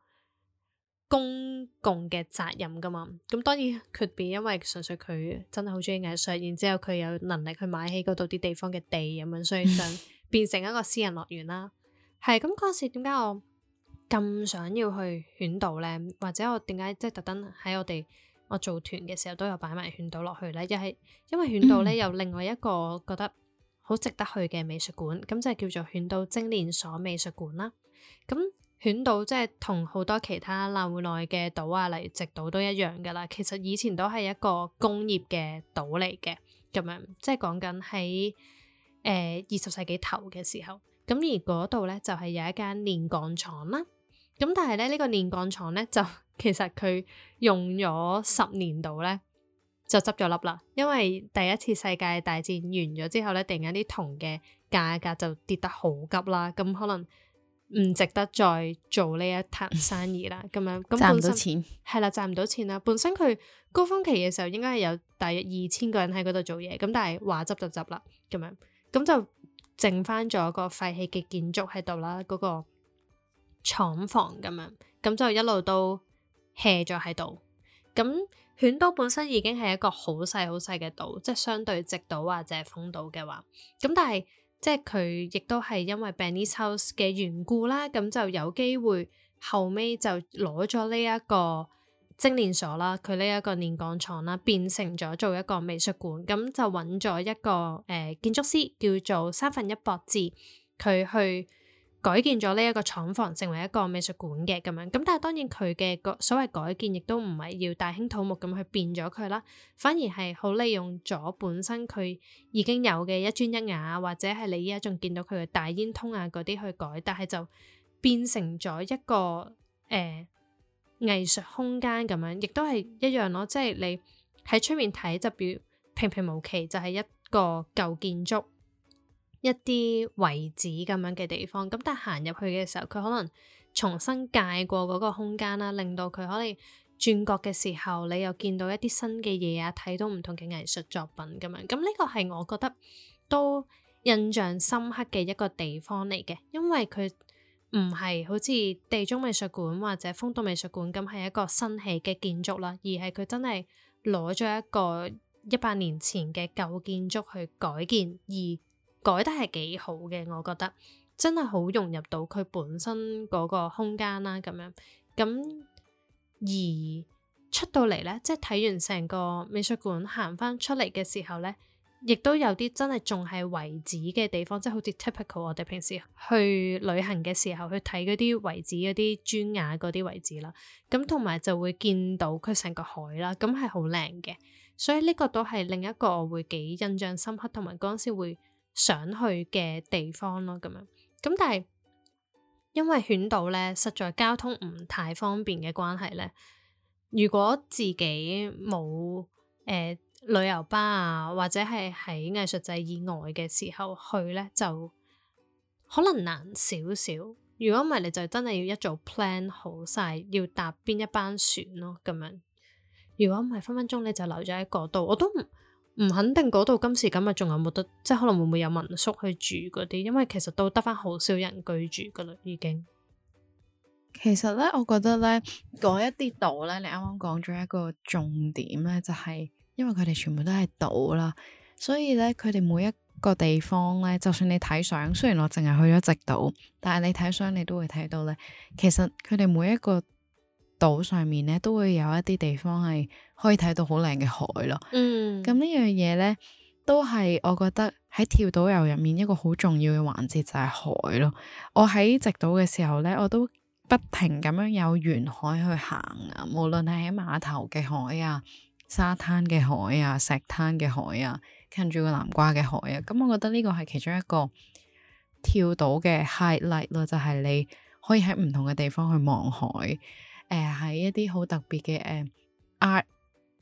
公共嘅責任噶嘛。咁、嗯、當然區別，因為純粹佢真係好中意藝術，然之後佢有能力去買起嗰度啲地方嘅地咁樣，所以想變成一個私人樂園啦。係咁嗰陣時，點解我咁想要去犬島呢？或者我點解即係特登喺我哋？我做團嘅時候都有擺埋犬島落去咧，又係因為犬島咧有另外一個覺得好值得去嘅美術館，咁、嗯、就係叫做犬島精煉所美術館啦。咁犬島即係同好多其他瀨戶內嘅島啊，例如直島都一樣噶啦。其實以前都係一個工業嘅島嚟嘅，咁樣即係講緊喺誒二十世紀頭嘅時候，咁而嗰度咧就係有一間煉鋼廠啦。咁但係咧呢、呢個煉鋼廠咧就。其實佢用咗十年度咧，就執咗笠啦。因為第一次世界大戰完咗之後咧，突然間啲銅嘅價格就跌得好急啦，咁可能唔值得再做呢一攤生意啦。咁 (laughs) 樣，賺唔到錢係啦，賺唔到錢啦。本身佢高峰期嘅時候應該係有大約二千個人喺嗰度做嘢，咁但係話執就執啦。咁樣咁就剩翻咗個廢棄嘅建築喺度啦，嗰個廠房咁樣，咁就一路都。hea 咗喺度，咁犬島本身已經係一個好細好細嘅島，即係相對直島或者豐島嘅話，咁但係即係佢亦都係因為 Benesse House 嘅緣故啦，咁就有機會後尾就攞咗呢一個精煉所啦，佢呢一個煉鋼廠啦，變成咗做一個美術館，咁就揾咗一個誒、呃、建築師叫做三分一博志，佢去改建咗呢一個廠房成為一個美術館嘅咁樣，咁但係當然佢嘅所謂改建亦都唔係要大興土木咁去變咗佢啦，反而係好利用咗本身佢已經有嘅一磚一瓦，或者係你依家仲見到佢嘅大煙通啊嗰啲去改，但係就變成咗一個誒、呃、藝術空間咁樣，亦都係一樣咯，即係你喺出面睇就表平平無奇，就係、是、一個舊建築。一啲遺址咁樣嘅地方，咁但係行入去嘅時候，佢可能重新界過嗰個空間啦，令到佢可以轉角嘅時候，你又見到一啲新嘅嘢啊，睇到唔同嘅藝術作品咁樣。咁呢個係我覺得都印象深刻嘅一個地方嚟嘅，因為佢唔係好似地中美術館或者豐島美術館咁係一個新起嘅建築啦，而係佢真係攞咗一個一百年前嘅舊建築去改建而。改得係幾好嘅，我覺得真係好融入到佢本身嗰個空間啦。咁樣咁而出到嚟呢，即係睇完成個美術館行翻出嚟嘅時候呢，亦都有啲真係仲係遺址嘅地方，即係好似 typical 我哋平時去旅行嘅時候去睇嗰啲遺址嗰啲磚瓦嗰啲遺址啦。咁同埋就會見到佢成個海啦，咁係好靚嘅。所以呢個都係另一個我會幾印象深刻，同埋嗰陣時會，想去嘅地方咯，咁樣咁但係因為犬島咧實在交通唔太方便嘅關係咧，如果自己冇誒、呃、旅遊巴啊或者係喺藝術節以外嘅時候去咧，就可能難少少。如果唔係，你就真係要一早 plan 好晒要搭邊一班船咯，咁樣。如果唔係分分鐘你就留咗喺嗰度，我都唔。唔肯定嗰度今時今日仲有冇得，即係可能會唔會有民宿去住嗰啲，因為其實都得返好少人居住噶啦，已經。其實呢，我覺得呢嗰一啲島呢，你啱啱講咗一個重點呢，就係因為佢哋全部都係島啦，所以呢，佢哋每一個地方呢，就算你睇相，雖然我淨係去咗直島，但係你睇相你都會睇到呢。其實佢哋每一個島上面咧都會有一啲地方係可以睇到好靚嘅海咯。嗯，咁呢樣嘢呢，都係我覺得喺跳島遊入面一個好重要嘅環節，就係海咯。我喺直島嘅時候呢，我都不停咁樣有沿海去行啊，無論係喺碼頭嘅海啊、沙灘嘅海啊、石灘嘅海啊、近住個南瓜嘅海啊，咁我覺得呢個係其中一個跳島嘅 highlight 咯，就係你可以喺唔同嘅地方去望海。誒喺、呃、一啲好特別嘅誒、呃、art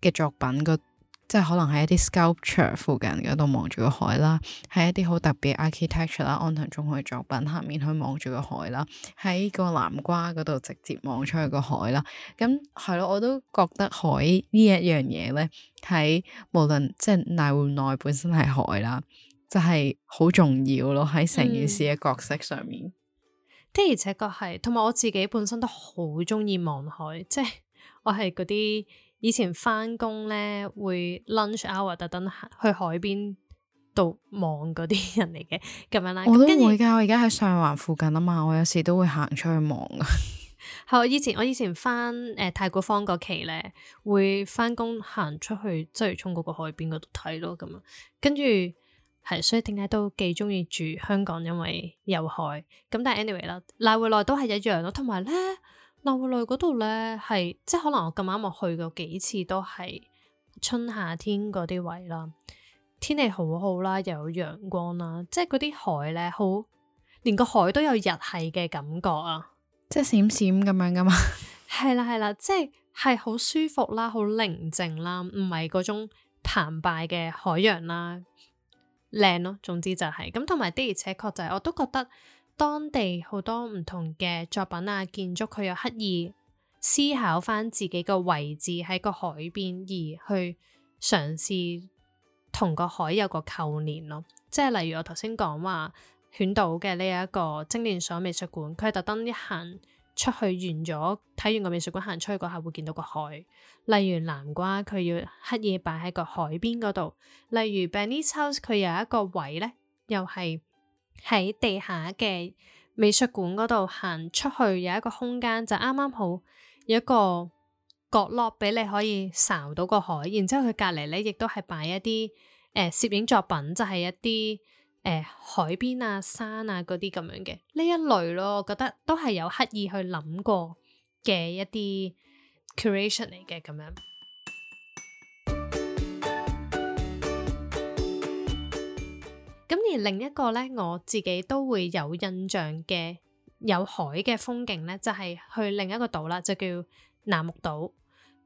嘅作品即係可能喺一啲 sculpture 附近嗰度望住個海啦，喺一啲好特別 architecture 啦，安藤忠雄作品下面去望住個海啦，喺個南瓜嗰度直接望出去個海啦，咁係咯，我都覺得海呢一樣嘢咧，喺無論即係瀨戶內本身係海啦，就係、是、好重要咯，喺成件事嘅角色上面。嗯即而且確係，同埋我自己本身都好中意望海，即我係嗰啲以前翻工咧會 lunch hour 特登去海邊度望嗰啲人嚟嘅咁樣啦。我都會㗎，後我而家喺上環附近啊嘛，我有時都會行出去望 (laughs) 。係我以前我以前翻誒太古坊嗰期咧，會翻工行出去即係鰂魚涌嗰個海邊嗰度睇咯咁樣，跟住。係，所以點解都幾鍾意住香港，因為有海。咁但係 anyway 啦，瀨戶內都係一樣咯。同埋咧，瀨戶內嗰度咧，係即係可能我咁啱我去過幾次都係春夏天嗰啲位啦，天氣好好啦，又有陽光啦，即係嗰啲海咧，好連個海都有日系嘅感覺啊， (laughs) 即係閃閃咁樣㗎嘛。係啦係啦，即係係好舒服啦，好寧靜啦，唔係嗰種澎湃嘅海洋啦。靚咯，總之就係、是、咁，同埋的而且確就係，我都覺得當地好多唔同嘅作品啊、建築，佢又刻意思考翻自己嘅位置喺個海邊，而去嘗試同個海有個扣連咯。即係例如我頭先講話犬島嘅呢一個精煉所美術館，佢係特登一行。出去完咗，睇完個美術館行出去嗰下，會見到個海。例如南瓜，佢要黑夜擺喺個海邊嗰度。例如 Benesse House，佢有一個位呢，又係喺地下嘅美術館嗰度行出去，有一個空間就啱啱好有一個角落俾你可以睄到個海。然之後佢隔籬呢，亦都係擺一啲誒、呃、攝影作品，就係一啲。誒、呃、海邊啊、山啊嗰啲咁樣嘅呢一類咯，我覺得都係有刻意去諗過嘅一啲 creation 嚟嘅咁樣。咁 (music) 而另一個呢，我自己都會有印象嘅有海嘅風景呢，就係、是、去另一個島啦，就叫男木島。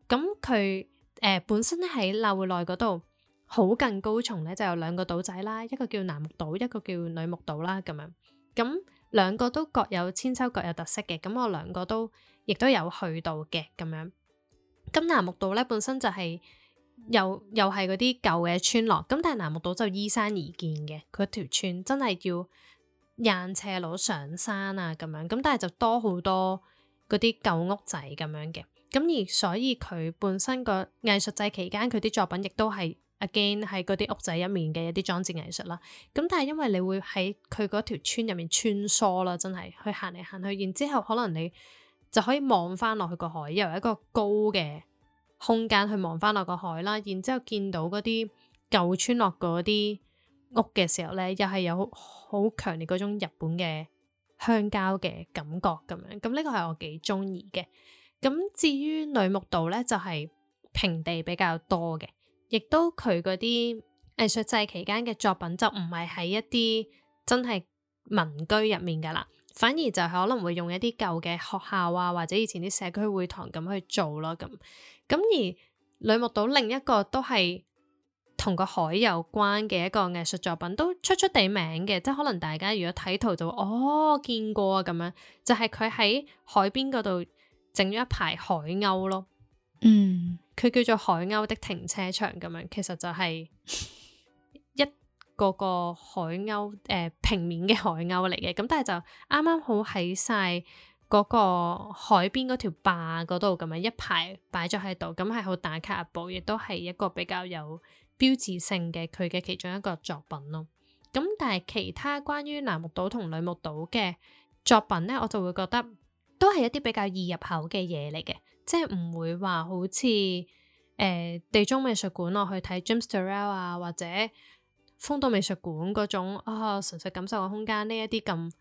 咁佢誒本身喺瀨戶內嗰度。好近高松咧，就有兩個島仔啦，一個叫男木島，一個叫女木島啦，咁樣，咁兩個都各有千秋，各有特色嘅。咁我兩個都亦都有去到嘅，咁樣。咁男木島咧本身就係、是、又又係嗰啲舊嘅村落，咁但係男木島就依山而建嘅，佢條村真係叫「硬斜路」上山啊，咁樣咁，但係就多好多嗰啲舊屋仔咁樣嘅。咁而所以佢本身個藝術祭期間，佢啲作品亦都係。again 喺嗰啲屋仔入面嘅一啲裝置藝術啦。咁但係因為你會喺佢嗰條村入面穿梭啦，真係去行嚟行去，然之後可能你就可以望翻落去個海，又一個高嘅空間去望翻落個海啦。然之後見到嗰啲舊村落嗰啲屋嘅時候呢，又係有好強烈嗰種日本嘅鄉郊嘅感覺咁樣。咁、嗯、呢、這個係我幾中意嘅。咁、嗯、至於女木島呢，就係、是、平地比較多嘅。亦都佢嗰啲藝術祭期間嘅作品就唔係喺一啲真係民居入面噶啦，反而就係可能會用一啲舊嘅學校啊，或者以前啲社區會堂咁去做咯，咁咁而女木島另一個都係同個海有關嘅一個藝術作品，都出出地名嘅，即係可能大家如果睇圖就哦見過啊咁樣，就係佢喺海邊嗰度整咗一排海鷗咯，嗯。佢叫做海鷗的停車場咁樣，其實就係一個個海鷗誒、呃、平面嘅海鷗嚟嘅，咁但係就啱啱好喺晒嗰個海邊嗰條壩嗰度咁樣一排擺咗喺度，咁係好打卡㗎播，亦都係一個比較有標誌性嘅佢嘅其中一個作品咯。咁但係其他關於男木島同女木島嘅作品呢，我就會覺得都係一啲比較易入口嘅嘢嚟嘅。即係唔會話好似誒、呃、地中美術館我去睇 James Turrell 啊，或者豐島美術館嗰種啊純粹感受個空間呢一啲咁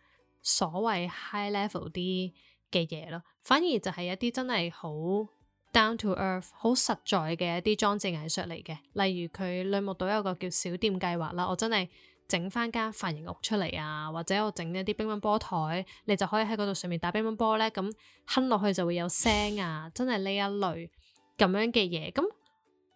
所謂 high level 啲嘅嘢咯，反而就係一啲真係好 down to earth 好實在嘅一啲裝置藝術嚟嘅，例如佢女木島有個叫小店計劃啦，我真係。整翻間髮型屋出嚟啊，或者我整一啲乒乓波台，你就可以喺嗰度上面打乒乓波咧。咁哼落去就會有聲啊，真係呢一類咁樣嘅嘢。咁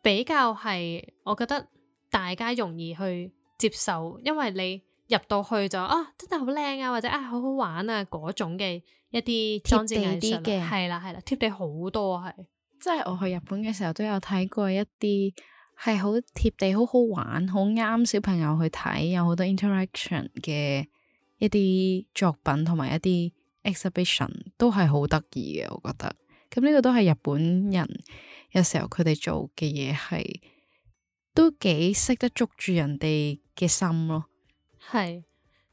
比較係我覺得大家容易去接受，因為你入到去就啊，真係好靚啊，或者啊好好玩啊嗰種嘅一啲裝置藝術。係啦係啦，貼地好多係。即係我去日本嘅時候都有睇過一啲。係好貼地，好好玩，好啱小朋友去睇，有好多 interaction 嘅一啲作品，同埋一啲 exhibition 都係好得意嘅，我覺得。咁，嗯，嗯，呢個都係日本人有時候佢哋做嘅嘢，係都幾識得捉住人哋嘅心咯。係，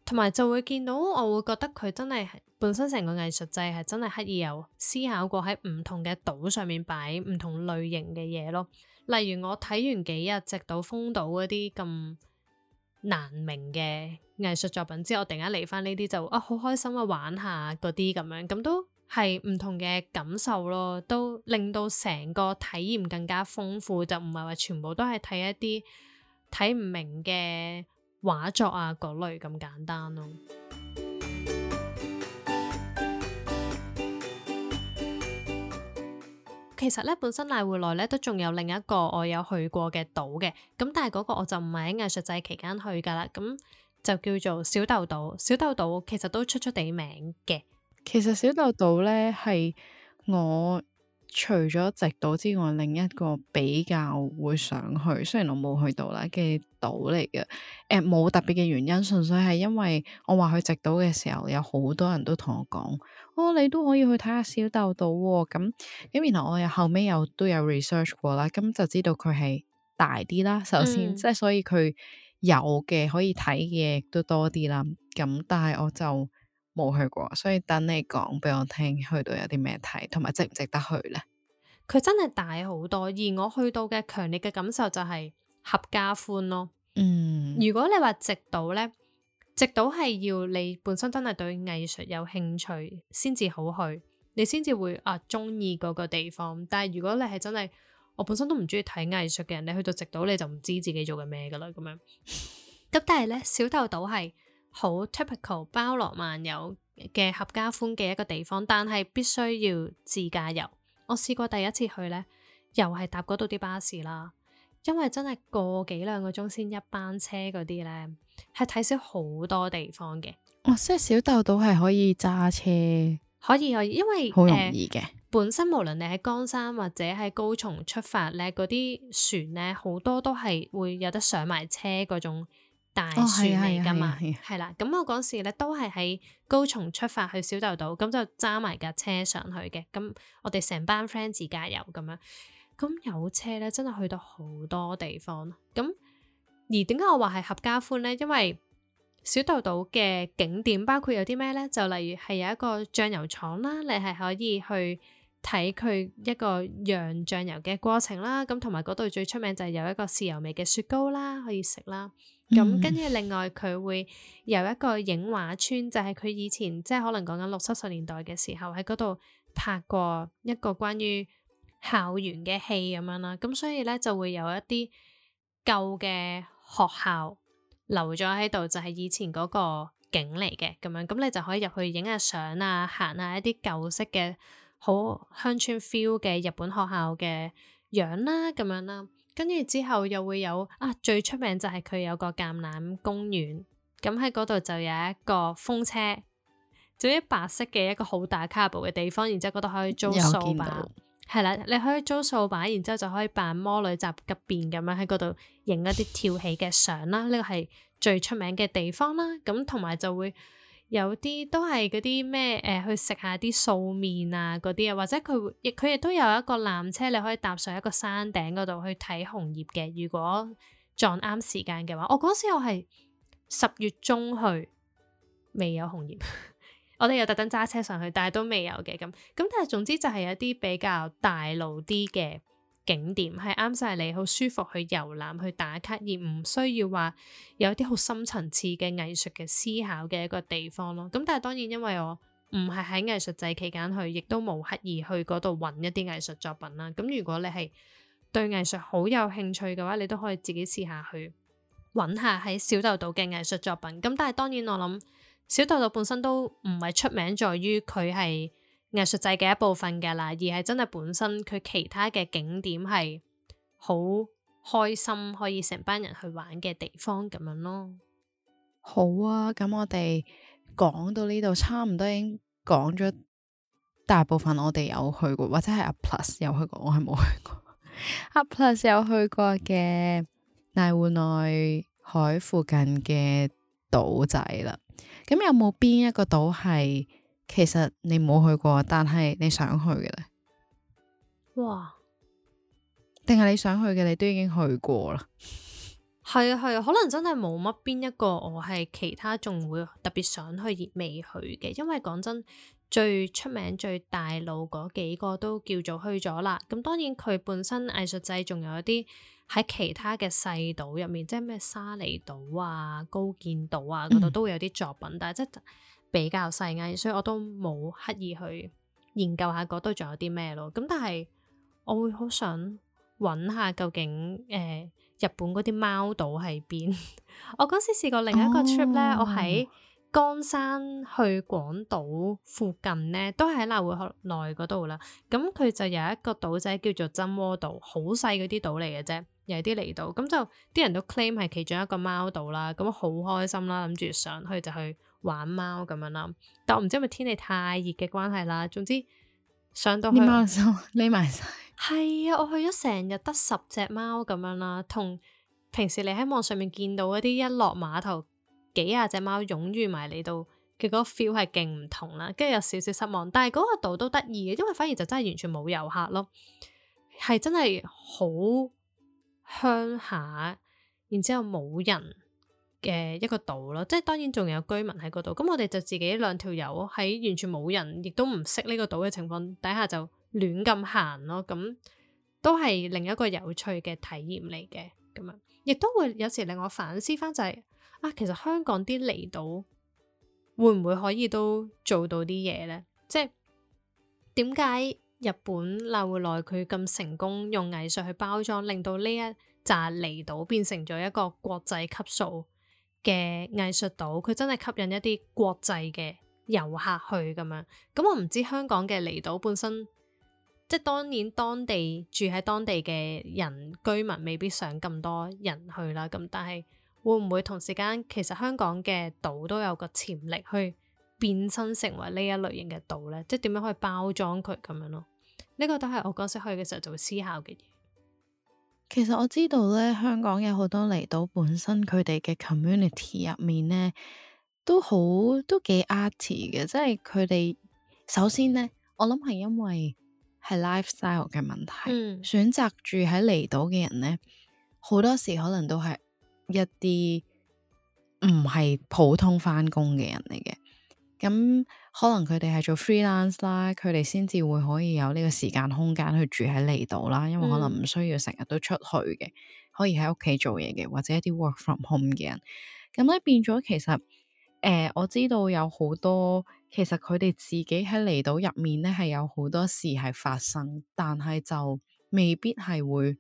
同埋就會見到，我會覺得佢真係本身成個藝術祭係真係刻意有思考過喺唔同嘅島上面擺唔同類型嘅嘢咯。例如我睇完幾日直島、豐島嗰啲咁難明嘅藝術作品之後，我突然間嚟返呢啲就啊，好開心啊玩下嗰啲咁樣，咁都係唔同嘅感受咯，都令到成個體驗更加豐富，就唔係話全部都係睇一啲睇唔明嘅畫作啊各類咁簡單咯。其實咧，本身瀨戶內咧都仲有另一個我有去過嘅島嘅，咁但係嗰個我就唔係喺藝術祭期間去噶啦，咁就叫做小豆島。小豆島其實都出出地名嘅。其實小豆島咧係我。除咗直島之外，另一個比較會想去，雖然我冇去到啦嘅島嚟嘅，誒、呃、冇特別嘅原因，純粹係因為我話去直島嘅時候，有好多人都同我講，哦，你都可以去睇下小豆島喎、啊，咁、嗯、咁，然後我又後尾又都有 research 過啦，咁就知道佢係大啲啦，首先即係所以佢有嘅可以睇嘅都多啲啦，咁但係我就。冇去過，所以等你講俾我聽，去到有啲咩睇，同埋值唔值得去呢？佢真係大好多，而我去到嘅強烈嘅感受就係合家歡咯。嗯，如果你話直島呢，直島係要你本身真係對藝術有興趣先至好去，你先至會啊中意嗰個地方。但係如果你係真係我本身都唔中意睇藝術嘅人，你去到直島你就唔知自己做緊咩噶啦咁樣。咁 (laughs) 但係呢，小豆島係。好 typical 包羅萬有嘅合家歡嘅一個地方，但係必須要自駕遊。我試過第一次去呢，又係搭嗰度啲巴士啦，因為真係個幾兩個鐘先一班車嗰啲呢，係睇少好多地方嘅。哦，即係小豆島係可以揸車，可以可以，因為好容易嘅、呃。本身無論你喺岡山或者喺高松出發呢，嗰啲船呢，好多都係會有得上埋車嗰種。大樹嚟噶嘛，係啦、哦，咁我嗰時咧都係喺高松出發去小豆島，咁就揸埋架車上去嘅，咁我哋成班 friend 自駕遊咁樣，咁有車咧真係去到好多地方，咁而點解我話係合家歡咧？因為小豆島嘅景點包括有啲咩咧？就例如係有一個醬油廠啦，你係可以去。睇佢一個釀醬油嘅過程啦，咁同埋嗰度最出名就係有一個豉油味嘅雪糕啦，可以食啦。咁跟住另外佢會有一個影畫村，就係佢以前即係可能講緊六七十年代嘅時候喺嗰度拍過一個關於校園嘅戲咁樣啦。咁所以呢，就會有一啲舊嘅學校留咗喺度，就係以前嗰個景嚟嘅咁樣。咁你就可以入去影下相啊，行一下一啲舊式嘅。好鄉村 feel 嘅日本學校嘅樣啦，咁樣啦，跟住之後又會有啊，最出名就係佢有個橄欖公園，咁喺嗰度就有一個風車，就之、是、白色嘅一個好大 carble 嘅地方，然之後嗰度可以租掃把，係啦，你可以租掃把，然之後就可以扮魔女宅急便咁樣喺嗰度影一啲跳起嘅相啦，呢 (laughs) 個係最出名嘅地方啦，咁同埋就會。有啲都係嗰啲咩，誒，去食下啲素麵啊，嗰啲啊，或者佢會亦佢亦都有一個纜車，你可以搭上一個山頂嗰度去睇紅葉嘅。如果撞啱時間嘅話，我、哦、嗰時我係十月中去，未有紅葉。 (laughs) 我哋又特登揸車上去，但係都未有嘅咁咁。但係總之就係有啲比較大路啲嘅。景點係啱晒你，好舒服去遊覽去打卡，而唔需要話有啲好深層次嘅藝術嘅思考嘅一個地方咯。咁但係當然，因為我唔係喺藝術祭期間去，亦都冇刻意去嗰度揾一啲藝術作品啦。咁如果你係對藝術好有興趣嘅話，你都可以自己試下去揾下喺小豆島嘅藝術作品。咁但係當然我，我諗小豆島本身都唔係出名在於佢係。藝術祭嘅一部分㗎啦，而係真係本身佢其他嘅景點係好開心，可以成班人去玩嘅地方咁樣咯。好啊，咁我哋講到呢度，差唔多已經講咗大部分我哋有去過，或者係 A Plus 有去過，我係冇去過。 (laughs) A Plus 有去過嘅，瀨戶內海附近嘅島仔啦。咁有冇邊一個島係？其實你冇去過，但係你想去嘅咧？哇嘩！定係你想去嘅，你都已經去過啦。係啊係啊，可能真係冇乜邊一個我係其他仲會特別想去而未去嘅，因為講真，最出名最大路嗰幾個都叫做去咗啦。咁當然佢本身藝術祭仲有一啲喺其他嘅細島入面，即係咩沙尼島啊、高見島啊嗰度都會有啲作品，嗯、但係即。比較細啲，所以我都冇刻意去研究下嗰度仲有啲咩咯。咁但係我會好想揾下究竟誒、呃、日本嗰啲貓島喺邊。 (laughs) 我嗰時試過另一個 trip 咧，哦、我喺江山去廣島附近咧，都係喺瀨戶內嗰度啦。咁佢就有一個島仔叫做真窩島，好細嗰啲島嚟嘅啫，有啲離島。咁就啲人都 claim 係其中一個貓島啦。咁好開心啦，諗住上去就去。玩貓咁樣啦，但我唔知係咪天氣太熱嘅關係啦。總之上到去，貓匿埋晒。係啊，我去咗成日得十隻貓咁樣啦，同平時你喺網上面見到嗰啲一落碼頭幾廿隻貓湧住埋你度，嘅嗰個 feel 係勁唔同啦，跟住有少少失望。但係嗰個度都得意嘅，因為反而就真係完全冇遊客咯，係真係好鄉下，然之後冇人。嘅一個島咯，即係當然仲有居民喺嗰度。咁我哋就自己兩條友喺完全冇人，亦都唔識呢個島嘅情況底下就亂咁行咯。咁都係另一個有趣嘅體驗嚟嘅。咁啊，亦都會有時令我反思翻就係、是、啊，其實香港啲離島會唔會可以都做到啲嘢呢？即係點解日本瀨戶內佢咁成功用藝術去包裝，令到呢一紮離島變成咗一個國際級數嘅藝術島，佢真係吸引一啲國際嘅遊客去咁樣。咁我唔知香港嘅離島本身，即係當年當地住喺當地嘅人居民，未必想咁多人去啦。咁但係會唔會同時間，其實香港嘅島都有個潛力去變身成為呢一類型嘅島呢？即係點樣可以包裝佢咁樣咯？呢個都係我嗰時去嘅時候就會思考嘅嘢。其實我知道咧，香港有好多離島本身佢哋嘅 community 入面咧，都好都幾 arty 嘅，即係佢哋首先咧，我諗係因為係 lifestyle 嘅問題，嗯、選擇住喺離島嘅人咧，好多時可能都係一啲唔係普通翻工嘅人嚟嘅，咁。可能佢哋係做 freelance 啦，佢哋先至會可以有呢個時間空間去住喺離島啦，因為可能唔需要成日都出去嘅，可以喺屋企做嘢嘅，或者一啲 work from home 嘅人。咁咧變咗其實，誒、呃、我知道有好多，其實佢哋自己喺離島入面咧係有好多事係發生，但係就未必係會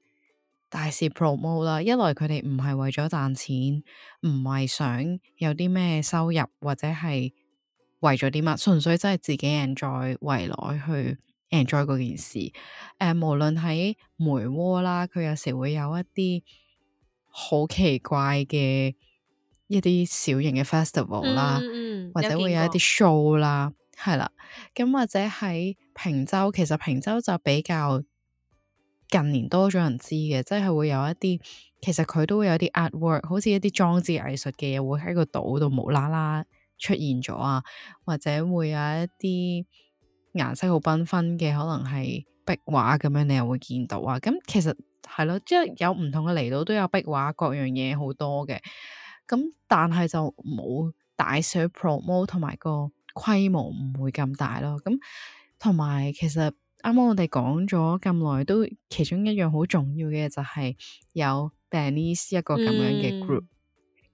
大肆 promote 啦。一來佢哋唔係為咗賺錢，唔係想有啲咩收入或者係。為咗啲乜？純粹真係自己 enjoy 為內去 enjoy 嗰件事。誒、呃，無論喺梅窩啦，佢有時會有一啲好奇怪嘅一啲小型嘅 festival 啦，嗯嗯嗯、或者會有一啲 show 啦，係啦。咁、嗯、或者喺坪洲，其實坪洲就比較近年多咗人知嘅，即係會有一啲其實佢都會有啲 artwork，好似一啲裝置藝術嘅嘢，會喺個島度無啦啦，出現咗啊，或者會有一啲顏色好繽紛嘅，可能係壁畫咁樣，你又會見到啊。咁其實係咯，即係、就是、有唔同嘅離島都有壁畫，各樣嘢好多嘅。咁但係就冇大肆 promo 同埋個規模唔會咁大咯。咁同埋其實啱啱我哋講咗咁耐，都其中一樣好重要嘅就係有 Benesse 一個咁樣嘅 group。嗯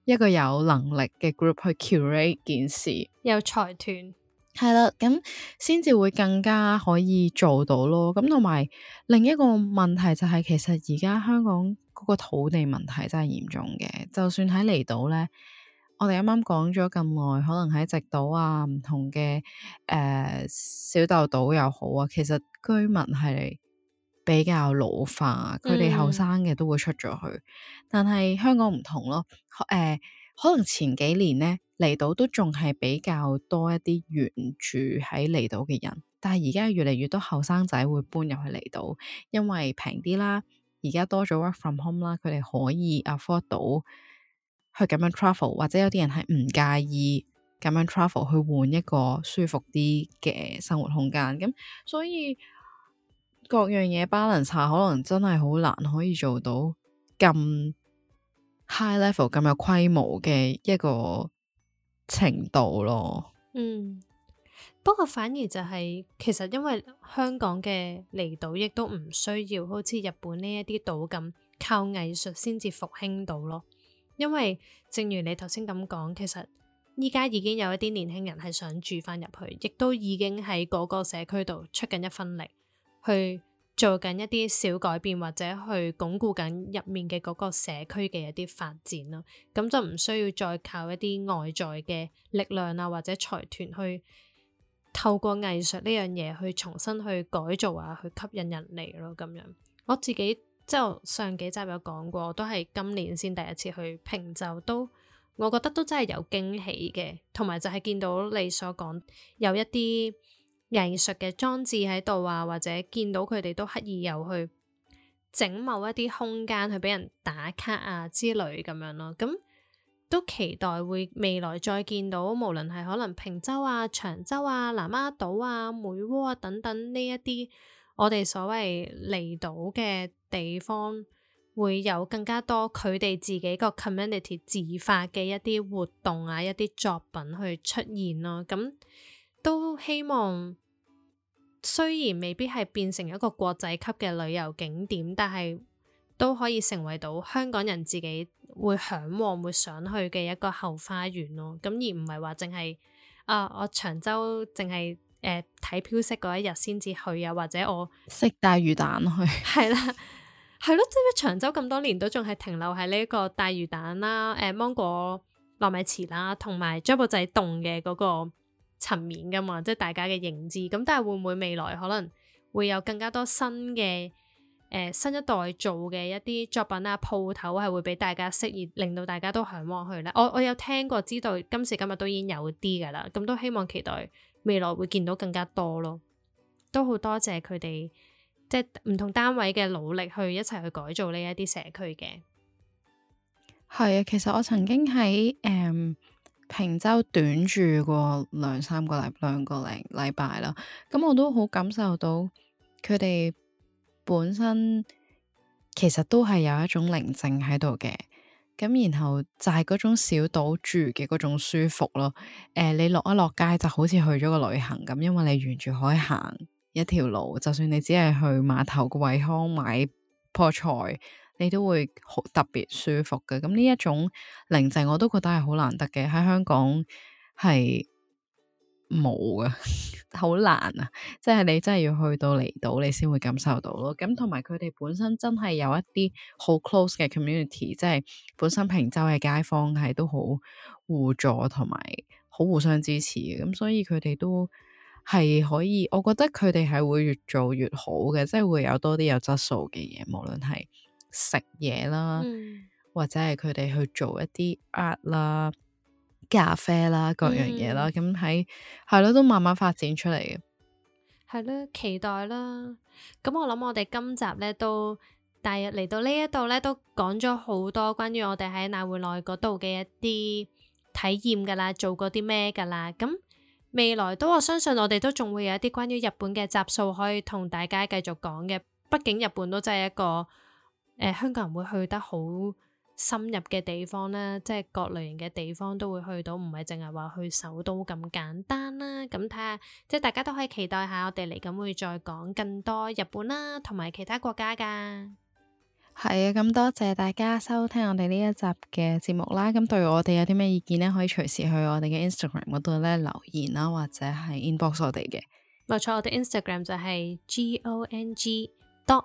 一個有能力嘅 group 去 create 件事，有財團係啦，咁先至會更加可以做到咯。咁同埋另一個問題就係、是，其實而家香港嗰個土地問題真係嚴重嘅。就算喺離島咧，我哋啱啱講咗咁耐，可能喺直島啊、唔同嘅誒、呃、小豆島又好啊，其實居民係比較老化，佢哋後生嘅都會出咗去，嗯、但係香港唔同咯。誒、呃，可能前幾年咧離島都仲係比較多一啲原住喺離島嘅人，但係而家越嚟越多後生仔會搬入去離島，因為平啲啦。而家多咗 work from home 啦，佢哋可以 afford 到去咁樣 travel，或者有啲人係唔介意咁樣 travel 去換一個舒服啲嘅生活空間。咁所以。各樣嘢，巴倫茶可能真係好難可以做到咁 high level 咁有規模嘅一個程度咯。嗯，不過反而就係、是、其實因為香港嘅離島亦都唔需要好似日本呢一啲島咁靠藝術先至復興到咯。因為正如你頭先咁講，其實依家已經有一啲年輕人係想住翻入去，亦都已經喺嗰個社區度出緊一分力。去做緊一啲小改變，或者去鞏固緊入面嘅嗰個社區嘅一啲發展咯。咁就唔需要再靠一啲外在嘅力量啊，或者財團去透過藝術呢樣嘢去重新去改造啊，去吸引人嚟咯。咁樣我自己即係我上幾集有講過，都係今年先第一次去拼，就都我覺得都真係有驚喜嘅，同埋就係見到你所講有一啲。藝術嘅裝置喺度啊，或者見到佢哋都刻意又去整某一啲空間去俾人打卡啊之類咁樣咯，咁都期待會未來再見到，無論係可能平洲啊、長洲啊、南丫島啊、梅窩啊等等呢一啲我哋所謂離島嘅地方，會有更加多佢哋自己個 community 自發嘅一啲活動啊、一啲作品去出現咯啊，咁。都希望，雖然未必係變成一個國際級嘅旅遊景點，但係都可以成為到香港人自己會嚮往會想去嘅一個後花園咯。咁而唔係話淨係啊，我長洲淨係誒睇飄色嗰一日先至去啊，或者我食大魚蛋去係啦，係咯，即係長洲咁多年都仲係停留喺呢一個大魚蛋啦、誒芒果糯米糍啦，同埋張保仔凍嘅嗰個層面噶嘛，即係大家嘅認知咁，但係會唔會未來可能會有更加多新嘅誒、呃、新一代做嘅一啲作品啊、鋪頭係會俾大家適應，令到大家都嚮往去呢。我我有聽過，知道今時今日都已經有啲噶啦，咁都希望期待未來會見到更加多咯，都好多謝佢哋即係唔同單位嘅努力去一齊去改造呢一啲社區嘅。係啊，其實我曾經喺誒。呃平洲短住過兩三個禮拜，兩個零禮拜啦，咁我都好感受到佢哋本身其實都係有一種寧靜喺度嘅，咁然後就係嗰種小島住嘅嗰種舒服咯。誒、呃，你落一落街就好似去咗個旅行咁，因為你完全可以行一條路，就算你只係去碼頭個惠康買破財。你都會好特別舒服嘅，咁呢一種寧靜我都覺得係好難得嘅，喺香港係冇㗎，好 (laughs) 難啊！即係你真係要去到離島，你先會感受到咯。咁同埋佢哋本身真係有一啲好 close 嘅 community，即係本身坪洲嘅街坊係都好互助同埋好互相支持嘅，咁所以佢哋都係可以，我覺得佢哋係會越做越好嘅，即係會有多啲有質素嘅嘢，無論係，食嘢啦，嗯、或者係佢哋去做一啲 art 啦、咖啡啦、各樣嘢啦，咁喺係咯都慢慢發展出嚟嘅。係咯，期待啦。咁我諗我哋今集呢，都大約嚟到呢一度呢，都講咗好多關於我哋喺瀨戶內嗰度嘅一啲體驗噶啦，做過啲咩噶啦。咁未來都我相信我哋都仲會有一啲關於日本嘅集數可以同大家繼續講嘅。畢竟日本都真係一個。誒、呃、香港人會去得好深入嘅地方啦，即係各類型嘅地方都會去到，唔係淨係話去首都咁簡單啦。咁睇下，即係大家都可以期待下，我哋嚟緊會再講更多日本啦，同埋其他國家㗎。係啊，咁多謝大家收聽我哋呢一集嘅節目啦。咁對我哋有啲咩意見呢？可以隨時去我哋嘅 Instagram 嗰度咧留言啦，或者係 inbox 我哋嘅。冇錯，我哋 Instagram 就係 G O N G 多。